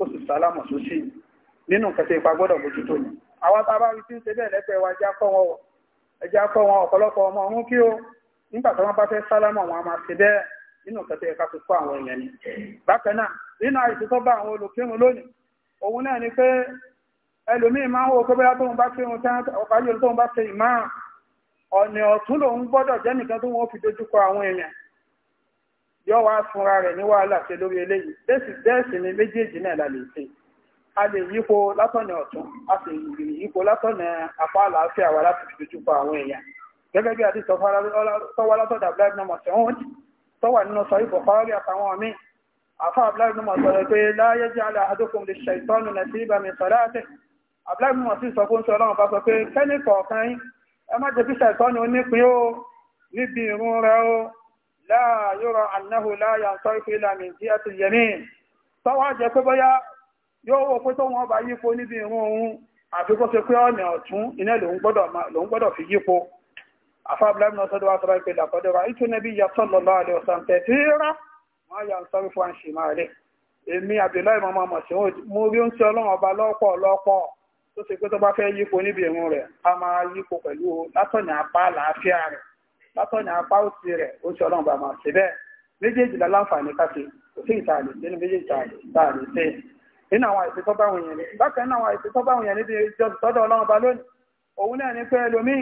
ó sì sálámọ̀ tó sí nínú nǹkan tí ipa gbọ́dọ̀ bójútó ni àwọn tá a bá rí tí ń ṣe bẹ́ẹ̀ lẹ́gbẹ̀ẹ́ wa ẹja kọ́ wọn ẹja kọ́ wọn ọ̀pọ̀lọpọ̀ ọmọ ọ̀hún kí ó nígbà tí wọ́n bá fẹ́ sálámọ̀ wọn a máa ṣe bẹ́ẹ̀ nínú nǹkan tí ẹ̀ka fi kọ́ àwọn èèyàn ni bákan náà nínú àìsí tó bá àwọn olùkírun lónìí òun náà ni pé ẹlòmíì máa ń wo pé bóyá tóun bá kírun tán ọ̀pá yóò tóun bá ṣe ìmáà ọ̀nà ọ̀tún lòun gbọ́dọ̀ jẹ́ nìkan tó wọn fi dojúkọ àwọn èèyàn yóò wá fúnra rẹ̀ ní wàhálà ṣe lórí eléyìí bẹ́ẹ̀sì bẹ́ẹ̀sì ni méjèèjì náà la lè ṣe a lè yípo látọ̀nà ọ̀tún a sì lè yípo látọ̀nà apá àlàáfíà wa láti fi dojú pa àwọn èèyàn gẹ́gẹ́ bí àti tọ́wọ́ látọ̀dà black number seven tọ́wà nínú sọ ìbò kọ́rọ́lì àtàwọn míì àfọ́ abdullahi number sọ pé láyé jẹ́ alẹ́ àádókùn lè ṣe ìtọ́nù nà sí ibà mi sọ láàtẹ̀ abdullahi number sì sọ fún sọlọ́run bá sọ pé kẹ́ni kọ̀ọ̀kan ẹ má jẹ́ bí ṣàìtọ́nù onípín ó níbi لا يرى أنه لا ينصرف إلى من جهة اليمين tọ́wọ́ jẹ́ pé bọ́yá yóò wò pé tóun ọba yípo níbi ìrún ohun àfikún ṣe pé ọ̀nà ọ̀tún iná lòun gbọ́dọ̀ fi yípo afábílámi náà sọ́dọ̀ wá sọ́dọ̀ ìpè làkọ́dọ̀rọ̀ ìtú níbi yàtọ̀ lọ́lọ́ àlẹ́ ọ̀sán tẹ̀sí rá wọ́n yà ń sọ́rí fún àṣì máa rẹ̀ èmi àbíláì mọ́mọ́ mọ̀ sí mo rí oúnjẹ ọlọ́run ọba lọ́pọ̀ lọ́pọ̀ tó ṣe pé tó bá fẹ́ yípo níbi ìrún rẹ̀ a máa yípo pẹ̀lú látọ̀nà apá àlàáfíà rẹ̀ látọ̀nà apá òsì rẹ̀ ó ṣe ọlọ́run bá máa ṣe bẹ́ẹ̀ méjèèjì láǹfààní káṣe kò sí ìta àlè nínú méjèèjì tá a lè ṣe nínú àwọn àìsí tó bá wọn yẹn ní bákan náà àwọn àìsí tó bá wọn yẹn níbi ìjọba tọ́dọ̀ ọlọ́run bá lónìí òun náà ní pé ẹlòmíì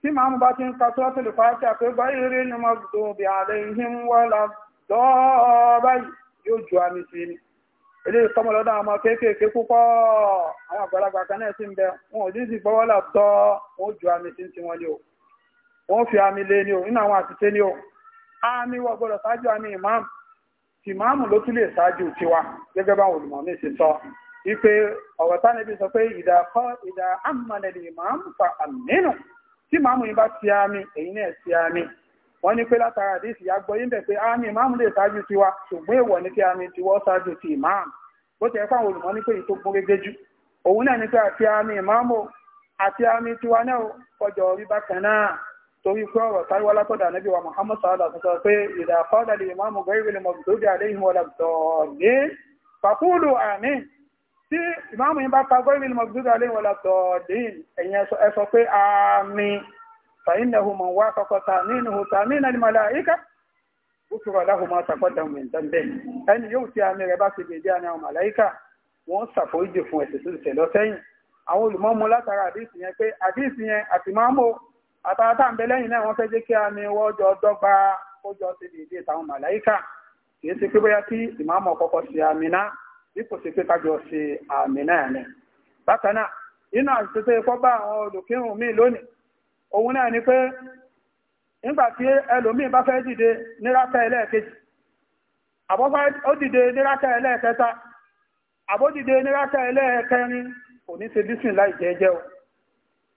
tí màámu bá ti ń ka tó tẹ̀lé fàáṣà pé báyìí rí ni mo dùn bí àlẹ́ yìí ń wọ́ la dọ́ báyìí yóò ju àmì sí ni eléyìí tọmọ lọ́dọ̀ àwọn ọmọ kéékèèké púpọ̀ àwọn àgbàlagbà kan náà sì ń bẹ wọn ò ní sì gbọ́wọ́ là tọ́ wọn ó ju àmì sí ti wọn ni o wọ́n fi àmì lé ní o nínú àwọn àtìté ní o àmì wọ́n gbọ́dọ̀ ṣáájú àmì ìmáàmù tí ìmáàmù ló lè tiwa gẹ́gẹ́ bá olùmọ̀ mi ṣe sọ wípé ọ̀rọ̀ tánibí sọ pé ìdá kọ́ ìdá ìmáàmù fa àmínú tí ìmáàmù yìí bá ti àmì èyí ti àmì wọ́n ní pé látara gbọ́ pé àmì ìmáàmù lè tiwa ṣùgbọ́n èèwọ̀ ni kí àmì torí pé ọ̀rọ̀ táríwá látọ̀dà níbi wa Muhammad sallá sọ pé ìdá fọ́dà lè máa mú gẹ́rì lè mọ̀bù lórí àléhìn wọn làbùtọ̀ọ̀lẹ́ fàkúlù àmín tí ìmáàmù yín bá pa gẹ́rì lè mọ̀bù lórí àléhìn wọn làbùtọ̀ọ̀lẹ́ ẹ̀yìn ẹ sọ pé àmín fàyínnahu mọ̀ wá kọ́kọ́ ta nínú ta nínú ni màlá ìka ó fi rọ̀ láhùn máa sàkọ́dà mọ̀ ìdánbẹ́ ẹni yóò ti àmì rẹ̀ bá ti gbèdé àmì àwọn màláìkà wọ́n ṣàforíjì fún ẹ̀sẹ̀ tó ṣẹlọ sẹ́yìn àwọn olùmọ́mú látara àdìsí yẹn pé àdìsí yẹn àti máàmù àtàwátà ń bẹ lẹ́yìn náà wọ́n fẹ́ jẹ́ kí a ní wọ́jọ́ dọ́gba kójọ sí dìde táwọn màláìkà kìí ṣe pé bóyá kí ìmáàmù ọ̀kọ́kọ́ ṣe àmì náà bí kò ṣe pé kájọ ṣe àmì náà bá àwọn olùkírun míì lónìí òun náà ni pé nígbà tí ẹlòmíì bá fẹ́ dìde nírákà ẹlẹ́ẹ̀kejì ó dìde nírákà ẹlẹ́ẹ̀kẹta nírákà ẹlẹ́ẹ̀kẹrin kò ní ṣe láì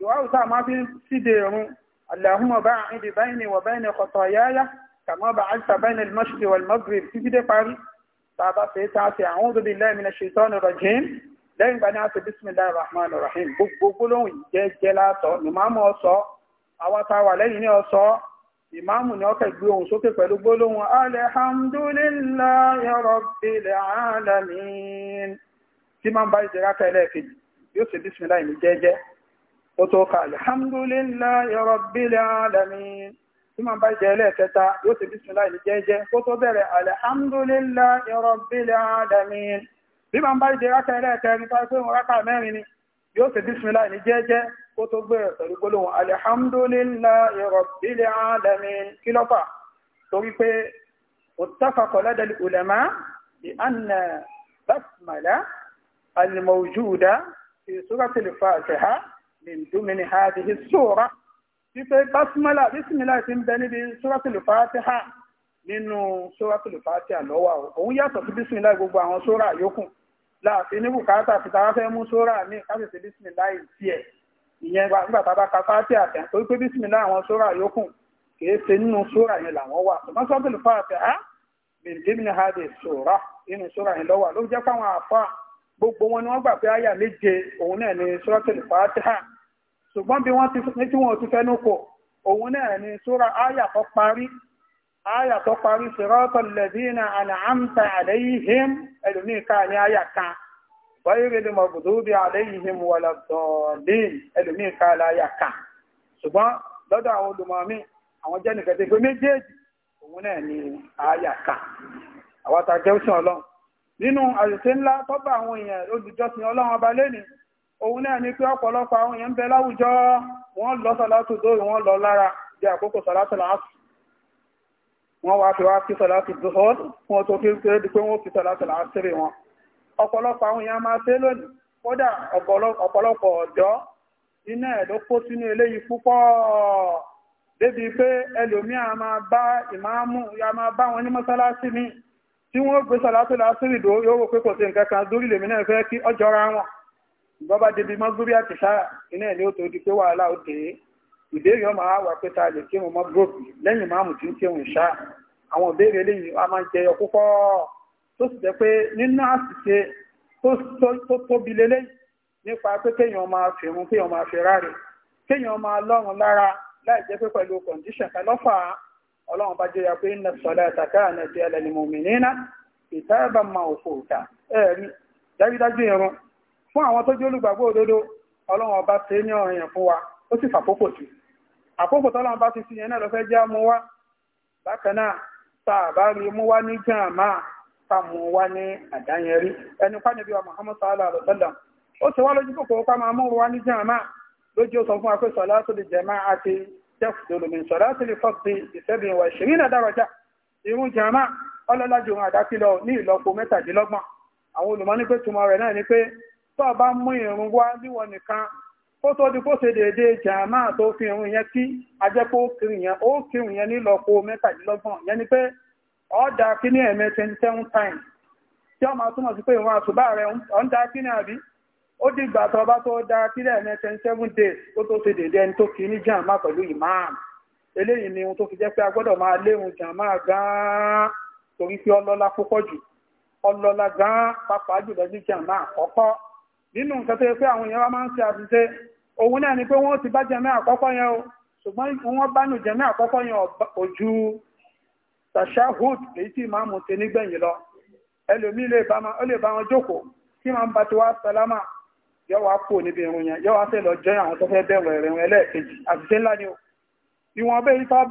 dùwáwù tá a máa fi síde ìrun Allahumma ba'id bayni wa bayna khataayaya kama ba'adta bayna al-mashriqi wal-maghrib títí dé parí tá a bá fẹ́ tá a fi a'udhu billahi minash shaitani rajim lẹ́yìn ìgbà ní àti bisimilayi rahman rahim gbogbo gbólóhùn jẹ́jẹ́ látọ̀ ìmáàmù ọ̀sọ́ àwọn tá a wà lẹ́yìn ní ọ̀sọ́ ìmáàmù ni ọ̀kẹ́ gbé ohùn sókè pẹ̀lú gbólóhùn alhamdulillahi rabbil ó tó ka alhamdulillahi rabbil alamin tí máa bá jẹ́ ẹlẹ́ẹ̀kẹta yóò ti bismillah jẹ́jẹ́ kó tó bẹ̀rẹ̀ alhamdulillahi rabbil alamin bí máa bá jẹ́ rákà ẹlẹ́ẹ̀kẹrin tó pé wọn rákà mẹ́rin ni yóò ti jẹ́jẹ́ kó tó bẹ̀rẹ̀ pẹ̀lú gbólóhùn alhamdulillahi rabbil alamin kí lọ́fà torí pé اتفق لدى العلماء بأن بسملة الموجودة في سورة الفاتحة ìdúmìnì هذه السورة، wípé básímọ́là bísímìlà ti ń bẹ níbi suratul fatiha سورة suratul fatiha هو òun بسم الله bísímìlà gbogbo سورة sura لا، láàfin ní bùkátà fi tàwa fẹ́ mú sóra ní káṣẹ̀ṣẹ̀ bísímìlá ìtiẹ̀ ìyẹn nígbà tá a bá ka fáàtì àtẹ̀ tó pé bísímìlá àwọn sóra yòókù kìí ṣe nínú sóra yẹn làwọn wà ṣùgbọ́n sọ́bìlì fáàtì á bìndínlẹ̀ hàdè sóra nínú sóra yẹn lọ́wọ́ ló jẹ́ fáwọn àfa gbogbo wọn ni wọ́n gbà pé àyà méje òun náà ni sọ́tìlì fáàtì á ṣùgbọ́n bí wọ́n ti wọ́n ti fẹ́nu kò òun náà ni súra áyà tó parí áyà tó parí sirata alladhina an'amta alayhim ẹlòmíì ká ní áyà kan ghayril maghdubi alayhim waladdallin ẹlòmíì ká láyà kan ṣùgbọ́n lọ́dọ̀ àwọn òun náà ni pé ọ̀pọ̀lọpọ̀ àwọn èèyàn ń bẹ láwùjọ wọ́n lọ sọ̀látù dóòrì wọ́n lọ lára di àkókò sọ̀látù láàsù wọ́n wá fi wá kí sọ̀látù dóòrì wọ́n tó fi ṣe di pé wọ́n fi sọ̀látù láàsù rè wọn ọ̀pọ̀lọpọ̀ àwọn èèyàn máa ṣe lónìí kódà ọ̀pọ̀lọpọ̀ ọ̀dọ́ iná ẹ̀ ló kó sínú eléyìí púpọ̀ débi pé ẹlòmíà máa bá ìmáàmù ya máa bá wọn ní bọ́bá débi mọ́gúrí àti sáà iná ẹ̀ ní ó tó di pé wàhálà ó dé ìbéèrè ọmọ àwà pé ta lè kírun mọ́gúròpù lẹ́yìn máàmù tí ń kírun ìṣá àwọn ìbéèrè eléyìí a máa ń jẹyọ púpọ̀ tó sì jẹ́ pé nínú àṣìṣe tó tóbi lélẹ̀ nípa pé kéèyàn máa fìrun kéèyàn máa fi ráre kéèyàn máa lọ́run lára láì jẹ́ pé pẹ̀lú kọ̀ǹdíṣàn kan lọ́fà ọlọ́run bá jẹ́yà pé ń sọ̀lá àtàkà fún àwọn tó jẹ́ olùgbàgbọ́ òdodo ọlọ́run ọba ṣe ní ọ̀ràn yẹn fún wa ó sì fàkókò sí àkókò tọ́lọ́run bá ti fi yẹn náà lọ fẹ́ já mú wá bákan náà tá a bá rí mú wá ní jàmá tá mú wá ní àdáyẹrí ẹni pàdé bí wa Muhammad sallallahu alaihi wa sallam ó ti wá lójú kòkòrò pa máa mú wá ní jàmá lójú ó sọ fún wa pé tó bá mú ìrun wá níwọ̀n nìkan ó tó di kó ṣe dédé jàmá tó fi irun yẹn kí ajẹ́pọ̀ kírun yẹn ó kírun yẹn nílọ́po mẹ́tàdínlọ́gbọ̀n yẹn ni pé ọ̀dà kíní ẹ̀mẹ́ twenty seven times tí ọmọ túmọ̀ sí pé ìwọ̀n àtúbà rẹ̀ ọ̀ ń da kíní àbí ó di ìgbà tó days ó tó ṣe dédé ẹni tó ní pẹ̀lú eléyìí ni ohun tó fi jẹ́ a gan-an torí pé ọlọ́lá púpọ̀ gan-an jùlọ nínú nǹkan tó yẹ pé àwọn èèyàn wa máa ń ṣe àṣìṣe òun náà ni pé wọ́n ti bá jẹ̀mẹ́ àkọ́kọ́ yẹn o ṣùgbọ́n wọ́n bá nù yẹn ojú tashahud èyí tí ìmáàmù ti lọ ẹlòmí lè bá wọn jókòó tí máa bá ti wá sálámà yọ wá kú irun yẹn yọ wá lọ jẹ́ àwọn tó fẹ́ bẹ̀rẹ̀ ìrìn àṣìṣe ńlá ni o ju àwọn tó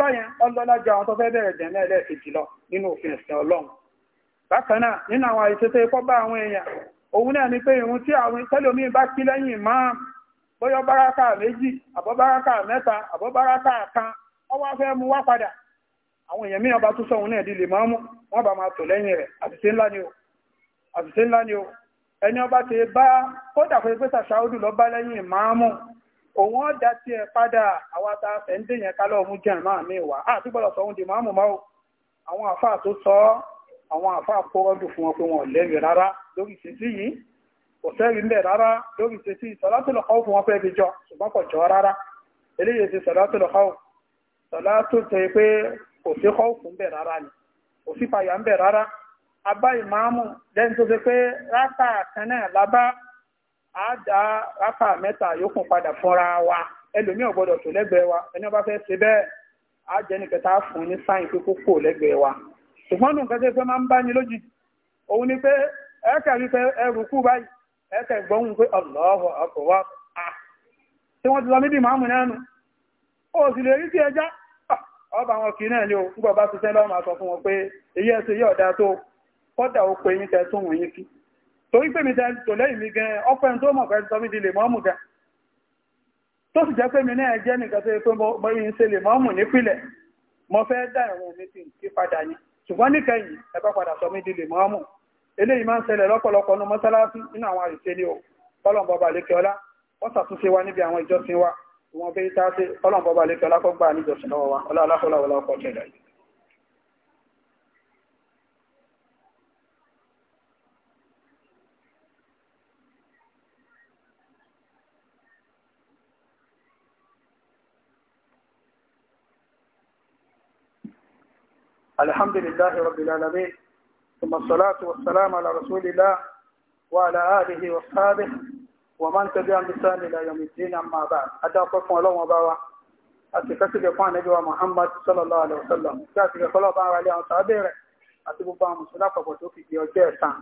lọ nínú òfin òun náà ni pé ìrun tí àwọn omi bá kí lẹ́yìn máa bóyá báraka méjì àbọ̀báraka mẹ́ta àbọ̀báraka kan ọwọ́ fẹ́ ẹmụ wá padà àwọn èèyàn bá tún náà di lè máa mú bá máa tò lẹ́yìn rẹ̀ ńlá o ńlá ni o ẹni ọba ti bá pé lọ bá lẹ́yìn òun tiẹ̀ padà àwọn ata kálọ̀ jẹ́ àmà mi sọ àwọn àwọn àfáà kọ́rọ́dù fún wọn wọn lẹ́rì rárá lórí ìṣesí yìí kò sẹ́rì rárá lórí fún wọn fi jọ ṣùgbọ́n kò jọ rárá eléyìí ti pé kò sí kọ́ fún bẹ̀ rárá ni kò sí payà ń bẹ̀ rárá abá ìmáàmù yókùn padà fúnra wa ẹlòmíì ọ̀gbọ́dọ̀ tó lẹ́gbẹ̀ẹ́ wa ẹni ó fẹ́ ṣe bẹ́ẹ̀ á fún ní sáyìn kò lẹ́gbẹ̀ẹ́ wa ṣùgbọ́n nù kẹ́kẹ́ pé máa ń bá ní lójijì òun ni pé ẹrù kú báyìí gbọ́hùn pé tí wọ́n ti lọ níbi náà nù ó sì lè ọba àwọn kì í náà ni pe yín tẹ̀sùn wọ̀nyí sí torí pé mi tẹ tò lẹ́yìn mi gan ọpẹ́ tó mọ̀ fẹ́ sọ mí di lè mọ́mù gan tó sì jẹ́ pé mi náà jẹ́ nìkan tó yẹ pé mo yín ṣe ṣùgbọ́n níkẹyìn ẹ bá padà sọ mí di lèmọ́ọ́mù eléyìí máa ń ṣẹlẹ̀ lọ́pọ̀lọpọ̀ ní mọ́sálásí nínú àwọn àrìṣe ni o kọ́lọ̀ǹbọ̀ bá lékè ọlá wọ́n ṣàtúnṣe wa níbi àwọn ìjọsìn wa ìwọ̀n bẹ́ẹ̀ tá a ṣe kọ́lọ̀ǹbọ̀ bá lékè ọlá kó gbà níjọsìn lọ́wọ́ wa ọlá aláfọlá wọlá ọkọ̀ tẹ̀lẹ̀ الحمد لله رب العالمين ثم الصلاة والسلام على رسول الله وعلى آله وصحبه ومن تبعهم بإحسان إلى يوم الدين أما بعد أدعوكم الله وبارك àti kásìlẹ̀ fún ànẹ́bíwá Muhammad sallallahu alaihi wasallam tí a ti rẹ̀ kọ́lọ̀ bá ara lé àwọn sàábẹ̀ rẹ̀ àti gbogbo àwọn mùsùlùmí àpapọ̀ tó fi di ọjọ́ ẹ̀san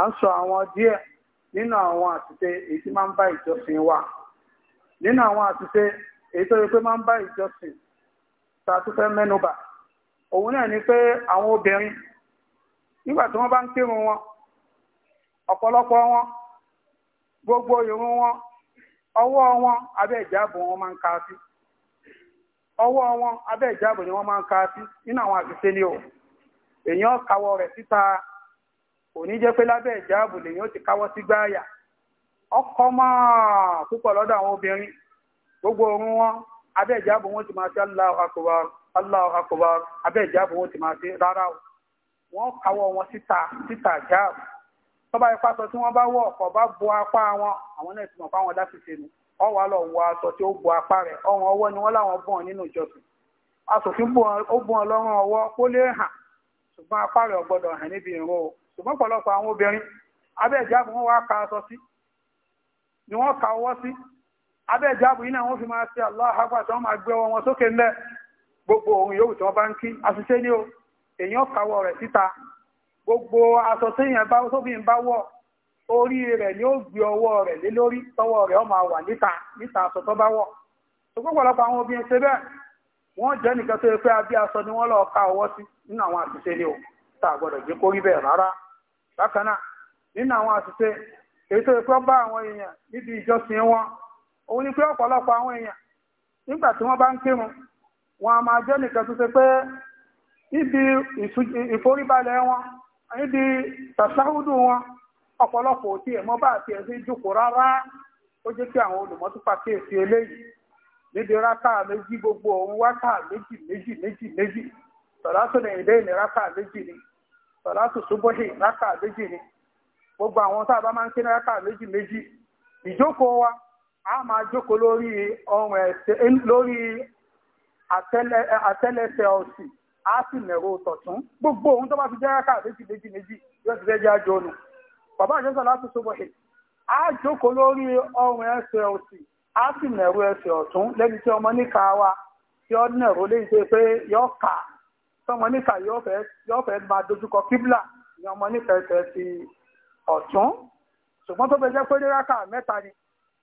à ń sọ àwọn díẹ̀ nínú àwọn àtúnṣe èyí tí máa ń bá ìjọsìn wa nínú àwọn àtúnṣe èyí tó yẹ pé máa ń bá ìjọsìn tá a tún fẹ́ mẹ́nubà òun náà ni pé àwọn obìnrin nígbà tí wọ́n bá ń kírun wọn ọ̀pọ̀lọpọ̀ wọn gbogbo ìrun wọn ọwọ́ wọn abẹ́ ìjáàbò wọn máa ń ka sí ọwọ́ wọn abẹ́ ìjáàbò ni wọ́n máa ń ka sí nínú àwọn àṣìṣe ni o èèyàn kawọ́ rẹ̀ síta kò ní jẹ́ pé lábẹ́ ìjáàbò lèèyàn ti káwọ́ sí gbáàyà ọkọ máa púpọ̀ lọ́dọ̀ àwọn obìnrin gbogbo ìrun wọn abẹ́ ìjáàbò wọn ti máa ṣe Allahu akbar Allahu akbar abẹ́ ìjáàbù wọn ti máa ṣe rárá o wọ́n kawọ́ wọn síta síta ìjáàbù tọ́ba ipá sọ tí wọ́n bá wọ̀ ọ̀pọ̀ bá bo apá wọn àwọn náà ti mọ̀ fáwọn láṣìṣe ni wọ́n wà lọ wọ aṣọ tí ó bo apá rẹ̀ ọrùn ọwọ́ ni wọ́n láwọn bọ̀ nínú ìjọsìn aṣòfin ó bọ̀ lọ́rùn ọwọ́ kó lè hàn ṣùgbọ́n apá rẹ̀ ọgbọ́dọ̀ hàn níbi ìró o ṣùgbọ́n pọ̀lọpọ̀ àwọn obìnrin abẹ́ ìjáàbù wọn wá ka aṣọ sí ni wọ́n ka ọwọ́ sí abẹ́ ìjáàbù yìí náà wọ́n fi gbogbo ohun yòówù tí wọ́n bá ń kí àṣìṣe ni o èèyàn kawọ́ rẹ̀ síta gbogbo aṣọ ihe bá sóbìn bá wọ̀ orí rẹ̀ ni ó gbé ọwọ́ rẹ̀ lé lórí tọwọ́ rẹ̀ ọ ma wà níta níta aṣọ tó bá wọ̀ ṣùgbọ́n àwọn obìnrin ṣe bẹ́ẹ̀ wọ́n jẹ́ nìkan tó yẹ pé abí aṣọ ni wọ́n lọ ọwọ́ sí nínú àwọn àṣìṣe o tá a gbọ́dọ̀ jẹ́ kó rí bẹ́ẹ̀ rárá bákan náà nínú ni pé wọn a máa jẹ́ nìkan tó pé níbi ìforíbalẹ̀ wọn níbi tàṣáhùdù wọn ọ̀pọ̀lọpọ̀ òtí ẹ̀mọ́ bá àti ẹ̀sìn jókòó rárá ó jẹ́ kí àwọn olùmọ́túpà kéèsì eléyìí níbi gbogbo òun wákà méjì méjì méjì méjì sọ̀látù ìdé ìní rákà méjì ni sọ̀látù ṣubúhì rákà méjì ni gbogbo àwọn tá a bá máa ń kí ní rákà méjì méjì ìjókòó wa a máa àtẹ́lẹsẹ̀ òsì á sì mẹ̀rọ tọ̀tún gbogbo ohun tó bá fi jẹ́ rákà méjì méjì méjì yóò ti fẹ́ jẹ́ àjọ nù bàbá àjọsọ láti sọ́bọ̀ ẹ̀ á jókòó lórí ọrùn ẹsẹ̀ òsì á sì mẹ̀rọ ẹsẹ̀ ọ̀tún lẹ́ni tí ọmọ níka wa tí ó nẹ̀rọ léyìí tó pé yọ kà tọmọ níka yóò fẹ́ máa dojúkọ kíbla ni ọmọ níka ẹsẹ̀ ti ọ̀tún ṣùgbọ́n tó fẹ́ jẹ́ pé rákà mẹ́ta ni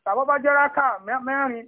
tàbọ́ bá jẹ́ rákà mẹ́rin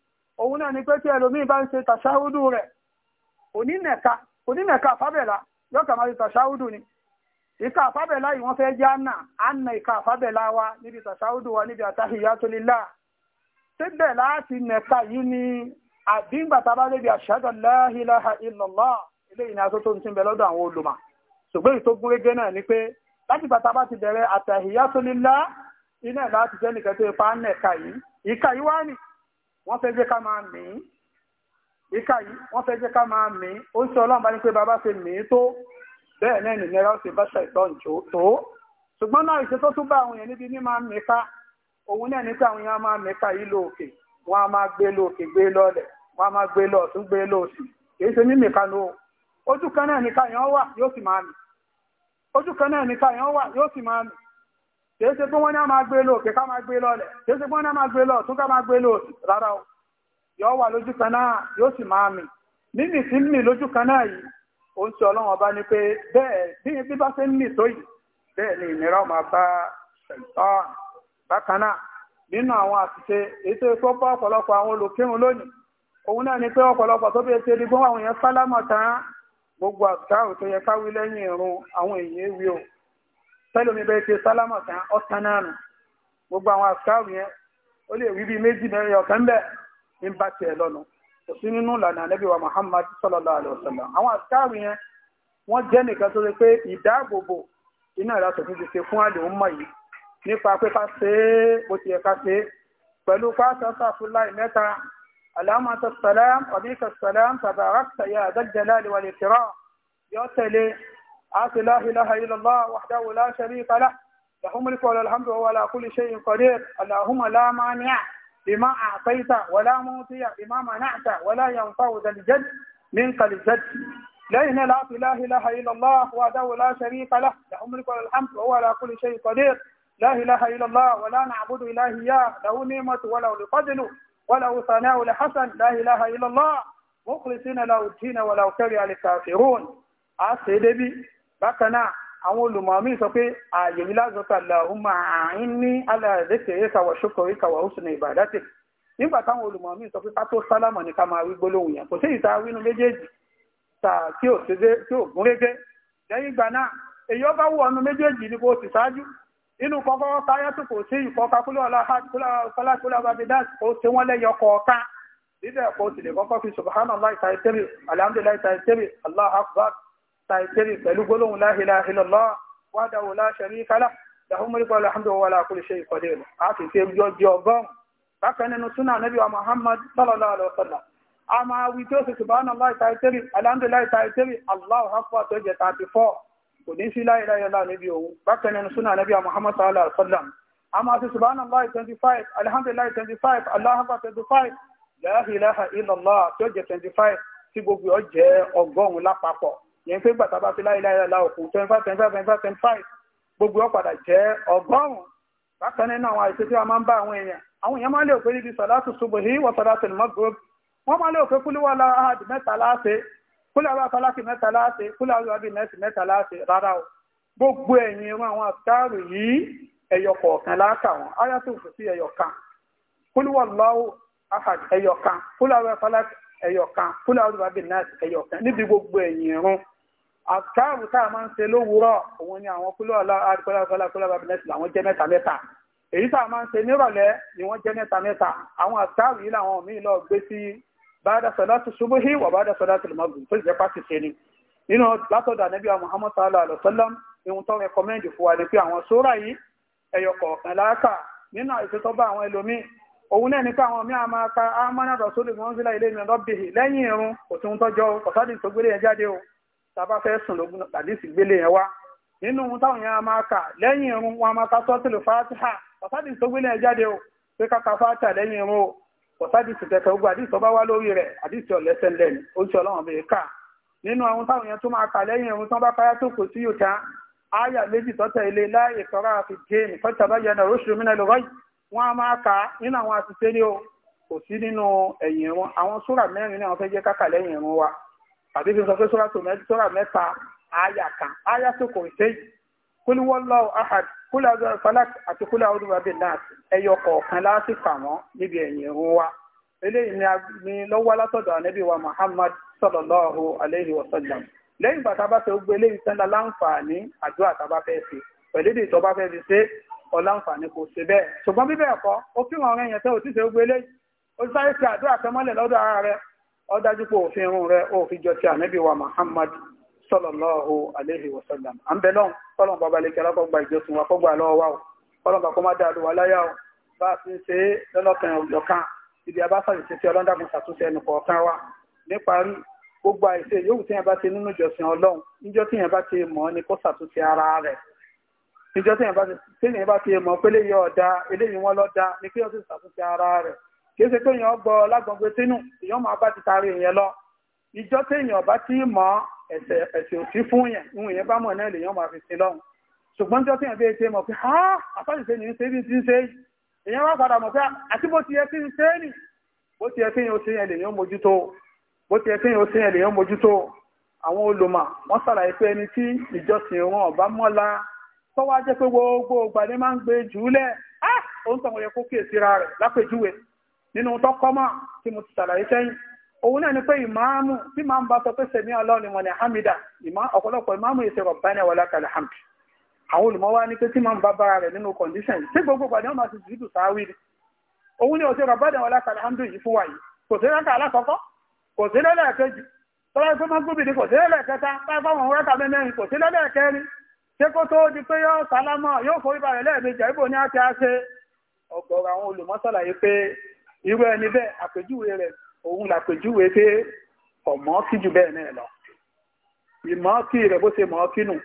òun náà ni pé tí ẹlòmíì bá ń ṣe tàṣáhúdù rẹ̀ onínẹ̀ka onínẹ̀ka àfábẹ̀lá yọkà máa ṣe ni ìka àfábẹ̀lá yìí wọ́n fẹ́ jẹ́ àná ìka àfábẹ̀lá wa níbi tàṣáhúdù wa níbi àtàhíyátù lílláh síbẹ̀ láti nẹ̀ka yìí ni àdíngbà tábà lébi ashhadu an la ilaha illallah ni atótó ti àwọn wọ́n fẹ́ jẹ́ ká máa mì í ìka yìí wọ́n fẹ́ jẹ́ ká máa mì í ó ń sọ ọlọ́run bá ní pé bàbá ṣe mì í tó bẹ́ẹ̀ náà nìyẹn ó sì bá ṣàìtọ́n tó tó ṣùgbọ́n náà ìṣe tó tún bá àwọn èèyàn níbi ní máa mì ká òun náà ní pé àwọn èèyàn máa mì ká yìí lóòkè wọ́n á máa gbé lóòkè gbé lọ́lẹ̀ wọ́n á máa gbé lọ́ọ̀tún gbé lóòsì kì ṣe mímì kan náà ojú kan náà ní kéèsè pé wọ́n ní a máa gbé lò kí ká máa gbé lọ́lẹ̀ kéèsè pé wọ́n ní a máa gbé lọ tún ká máa gbé lò rárá o yóò wà lójú kan náà yóò sì máa mì mímì sí mì lójú kan náà yìí ó ń sọ ọlọ́run ọba ni pé bẹ́ẹ̀ bí bí bá bẹ́ẹ̀ ni ìnira ọmọ bá ṣẹ̀tọ́ bákan náà nínú àwọn àṣìṣe bá àwọn olùkírun lónìí òun náà ni tẹ́lómi bẹ́ẹ̀ ṣe sálámà tán ọ̀tán náà nù gbogbo àwọn àṣkáàrù yẹn ó lè wí bí méjì mẹ́rin ọ̀kan ń bẹ̀ ní bá tiẹ̀ lọ́nu kò sí nínú ìlànà ànábì wa Muhammad sallallahu alaihi wasallam àwọn àṣkáàrù yẹn wọ́n jẹ́ nìkan tó ṣe pé ìdáàbòbò iná ìlà tòfin ti ṣe fún àlè ń yìí nípa pé ká ṣe é bó ti yẹ ká ṣe é pẹ̀lú fásitì sáfúláì mẹ́ta أعطي لا إله إلا الله وحده لا شريك له له الملك وله الحمد وهو على كل شيء قدير اللهم لا مانع لما أعطيت ولا موتي لما منعت ولا ينفع ذا الجد منك الجد لأن لا إله إلا إلا الله وحده لا شريك له له الملك وله الحمد وهو على كل شيء قدير لا إله إلا الله ولا نعبد إلا إياه له نعمة وله الفضل وله ثناء لحسن لا إله إلا الله مخلصين له الدين ولو كره الكافرون أسيدي bákan náà àwọn olùmọ̀mí sọ pé ààyè mi lázọ́tà làhùnmá àárín ní aláàdékè ìkàwọ̀ ṣókòrí ìkàwọ̀ òsùn ìbàdàtì nígbà táwọn olùmọ̀mí sọ pé ká tó sálámọ̀ ní ká máa wí gbólóhùn yẹn kò sí ìta wínú méjèèjì tà tí ò gún régé lẹ́yìn ìgbà náà èyí ọba wù méjèèjì ṣáájú inú kọ́kọ́ táyà tó kò sí tàìtẹ́rì pẹ̀lú gbólóhùn la ilaha illallah wahdahu la sharika lah lahu mulku wal hamdu wa ala kulli shay'in qadir àti tí ó jẹ́ ọgọ́rùn bákan nínú súnà nabi wa muhammad sallallahu alaihi wa sallam a máa wí tí ó sì subhanallahi tàìtẹ́rì alhamdulillahi tàìtẹ́rì allahu akbar tó jẹ́ tàìtì fọ́ kò ní sí la ilaha illallah níbi òun bákan nínú súnà nabi wa muhammad sallallahu alaihi wa sallam a máa sì subhanallahi twenty five alhamdulillahi twenty five tí gbogbo ọ jẹ́ ọgọ́rùn lápapọ̀ yẹn pé gbàtà bá fi láyé láyé láwọ kù twenty five twenty five twenty five twenty five gbogbo ọ padà jẹ́ ọgọ́rùn-ún bákan nínú àwọn àìsí tí wọ́n máa ń bá àwọn èèyàn àwọn èèyàn máa ń lè pé níbi sọ̀dátù subuhi wọ sọ̀dátù maghrib wọ́n máa ń lè pé kúlúwà láàdì mẹ́ta láàṣẹ kúlúwà bá falákì mẹ́ta láàṣẹ kúlúwà bá bí nẹ́ẹ̀sì mẹ́ta láàṣẹ rárá o gbogbo ẹ̀yìn irun àwọn àtàrù yìí ẹ̀yọ kọ̀ọ̀kan láàkà wọn ayatollah sí ẹ̀yọ kan kúlúwà lọ́wọ́ ahad ẹ̀yọ kan kúlúwà bá ẹyọkan kúlẹ̀ ọdún bàbí náà ẹyọkan níbi gbogbo ẹ̀yìn ìrun àkáàrù tá a máa ń ṣe lówùúrọ̀ òun ni àwọn kúlẹ̀ ọlá kúlẹ̀ bàbí náà làwọn jẹ́ mẹ́ta mẹ́ta èyí tá a máa ń ṣe nírọ̀lẹ́ ni wọ́n jẹ́ mẹ́ta mẹ́ta àwọn àkáàrù yìí làwọn míì lọ gbé sí báyọ̀dá sọ̀dá tó ṣubú hí wà báyọ̀dá sọ̀dá tó lọ́mọ gùn tó jẹ́ pàṣẹ ṣe ni nínú látọ̀dọ̀ fún wa ni pé àwọn sóra yìí ẹ̀yọ̀kọ̀ọ̀kan láàkà nínú àìsí tó bá òun náà ní káwọn mí àmà ka amánà rọ̀sólì wọn sílẹ̀ ilé ìrìnàdọ́ bìhì lẹ́yìn irun kò tún tọ́jọ́ kọ̀sádì tó gbélé yẹn jáde o tàbá fẹ́ sùn lógun àdìsí gbélé yẹn wá nínú ohun táwọn yẹn máa kà lẹ́yìn irun wọn máa ka sọ́tìlù fátíhà kọ̀sádì tó gbélé yẹn jáde o pé káka fátíhà lẹ́yìn irun o kọ̀sádì sì tẹ̀tẹ̀ ogun àdìsí ọba wá lórí rẹ̀ wọ́n á máa kà nínú àwọn àtúnṣe ní o kò sí nínú ẹ̀yìn ìrun àwọn sóra mẹ́rin ní àwọn fẹ́ jẹ́ káka lẹ́yìn ìrun wa àbí fi sọ pé sóra tó sóra mẹ́ta àyà kan àyà tó kò ṣe yìí kúlú wallahu ahad kúlú azọ́rọ̀ falak àti kúlú àwọn olùwàbí náà ẹyọ kọ̀ọ̀kan láti kà wọ́n níbi ẹ̀yìn ìrun wa eléyìí ni lọ́wọ́ látọ̀dọ̀ ànábì wa Muhammad sallallahu alayhi wa sallam lẹ́yìn bàtà bá fẹ́ gbé eléyìí sẹ́ńdà láǹfààní àdúrà tàbá fẹ́ ṣe pẹ̀lú ìdí ìtọ́ bá fẹ́ fi ṣe ọláǹfààní kò ṣe bẹ́ẹ̀ ṣùgbọ́n bíbẹ̀ ẹ̀kọ́ ó fi hàn ẹ̀yẹ̀ tẹ́ ò tíṣe gbé lé ó sáré àdúrà mọ́lẹ̀ lọ́dọ̀ ara rẹ òfin irun rẹ ó fi jọ ti wa Muhammad wa sallam à ń bẹ gba ìjọsìn wa lọ́wọ́ wa o kọ́lọ̀ bà kọ́ láyà o bá a ti ń ṣe lọ́lọ́kan ọ̀yọ̀kan ibi abáfàyè ṣe ti ọlọ́dàkùn ṣàtúnṣe ẹnì kọ̀ọ̀kan wa níparí gbogbo ti nínú ìjọsìn Ọlọ́run níjọ́ ara rẹ̀ níjọ́ tẹ́yìn bá ti mọ̀ pé léyìn ọ̀dá eléyìn wọn lọ́dá ni pé ọdún ìsàtúnṣe ara rẹ̀ kìí ṣe pé èèyàn gbọ́ lágbọ̀ngbé sínú èèyàn máa bá ti taari èèyàn lọ ìjọ́ tẹ́yìn ọ̀bá ti mọ̀ ẹ̀sẹ̀ òsì fún yẹn ń èèyàn bá mọ̀ náà lèèyàn máa fi sin lọ́hùn ṣùgbọ́n níjọ́ tẹ́yìn bẹ́ẹ̀ ṣe mọ̀ pé ha àtọ́jùṣe ní ṣe bí ti ń ṣe èèyàn wá padà mọ̀ pé àti bó ti yẹ kí n ṣe é nì bó ti yẹ kí n ṣe yẹn lèèyàn mójútó bó ti yẹ kí n ṣe yẹn lèèyàn mójútó àwọn tó wá jẹ́ pé gbogbo ògbà ni máa ń gbé jùúlẹ̀ ó ah! ń tàn yẹ kó kíyè síra rẹ̀ lápèjúwe nínú tọ́kọ́mọ̀ tí mo ti ṣàlàyé sẹ́yìn òun náà ni pé ìmáàmù tí máa ń bá sọ pé sẹ̀mí ni hamida ọ̀pọ̀lọpọ̀ ìmáàmù yìí ṣe rabbana àwọn ní pé tí máa ń bá bára rẹ̀ nínú tí gbogbo máa ti sáwí ni òun ni òṣèrò rabbana wa lakal hamd yìí fún wa yìí kò sí rákà alákọ̀ọ́kọ́ kò sí lẹ́lẹ́ẹ̀kejì tọ́lá ṣé kó tó di pé yóò sálámọ̀ yóò forí balẹ̀ lẹ́ẹ̀mejì àbíbò ní àti àṣẹ ọ̀gọ̀rọ̀ àwọn olùmọ́sàlàyé pé irú ẹni bẹ́ẹ̀ àpèjúwe rẹ̀ òun làpèjúwe pé ọ̀mọ́ kí jù bẹ́ẹ̀ náà lọ ìmọ̀ kí rẹ̀ bó ṣe mọ̀ kí nù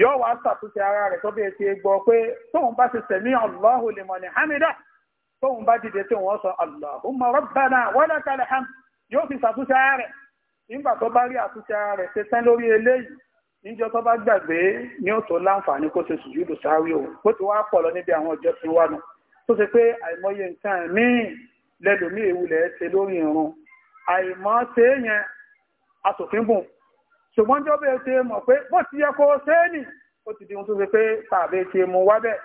yóò wá ṣàtúnṣe ara rẹ̀ tó bẹ́ẹ̀ ti gbọ́ pé tóun bá ti sẹ̀mí Allahu liman hamida tóun bá dìde tí wọ́n sọ Allahumma rabbana walakal hamd yóò níjọ́ tó bá gbàgbé ní ó tó láǹfààní kó ṣe sùjúdù sáwí o bó ti wá pọ̀ lọ níbi àwọn ọjọ́ tí wà nù tó ṣe pé àìmọye nǹkan míì lẹ́lòmí ìwúlẹ̀ ṣe lórí irun àìmọ́ ṣe é yẹn asòfin bùn ṣùgbọ́n jọ́ bẹ́ẹ̀ ṣe mọ̀ pé bó ti yẹ kó ṣe é nì ó ti di ohun tó ṣe pé tàbí ṣe mu wá bẹ́ẹ̀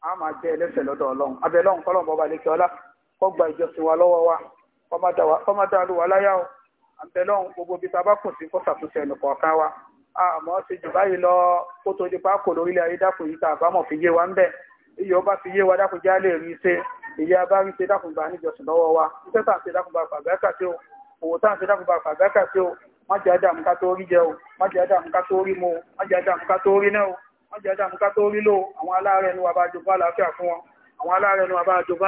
a máa jẹ́ ẹlẹ́sẹ̀ lọ́dọ̀ ọlọ́run abẹ́ lọ́run kọ́lọ́run bọ́ba lè kí ọlá kó gba ìjọsìn wa lọ́wọ́ wa kó má dàrú wa láyà o abẹ́ lọ́run gbogbo ibi tá bá kù sí kó ṣàtúnṣe ẹnì wa àmọ́ ṣe jù báyìí lọ kó tó di pákó lórílẹ̀ ayé dákun yìí tá àbámọ̀ fi yé wa ń bẹ̀ iyọ̀ bá fi yé wa dákun já lè rí ṣe ìyá bá rí ṣe dákun gbà níjọsìn lọ́wọ́ wa iṣẹ́ tá à ń ṣe dákun bá fàgbẹ́kà sí o òwò tá à ń ṣe dákun bá fàgbẹ́kà sí o má jẹ́ àdàmú ká tó rí jẹ o má jẹ́ àdàmú ká tó rí mu o má jẹ́ ká tó rí náà o má jẹ́ ká tó rí lò àwọn aláàárẹ̀ ni wàá bá jogún fún wọn àwọn aláàárẹ̀ ni wàá bá jogún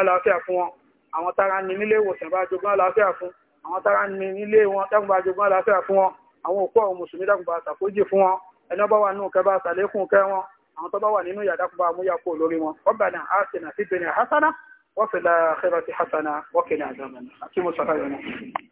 fún wọn àwọn tára ní nílé ìwòsàn bá jogún àlàáfíà fún àwọn tára ní nílé wọn dákun bá jogún àlàáfíà fún wọn àwọn òkú àwọn mùsùlùmí dákùnbà àtàkójì fún wọn ẹni ọba wà nínú kẹbà àtàlékún kẹ wọn àwọn tó wà nínú yàdákùnbà àmúyàkó lórí wọn ọbànà àtìnà fífẹnì hasana wọ́n fi láàkẹ́rọ̀ ti hasana wọ́kẹ́ni àjọmọ́ni àti mùsùlùmí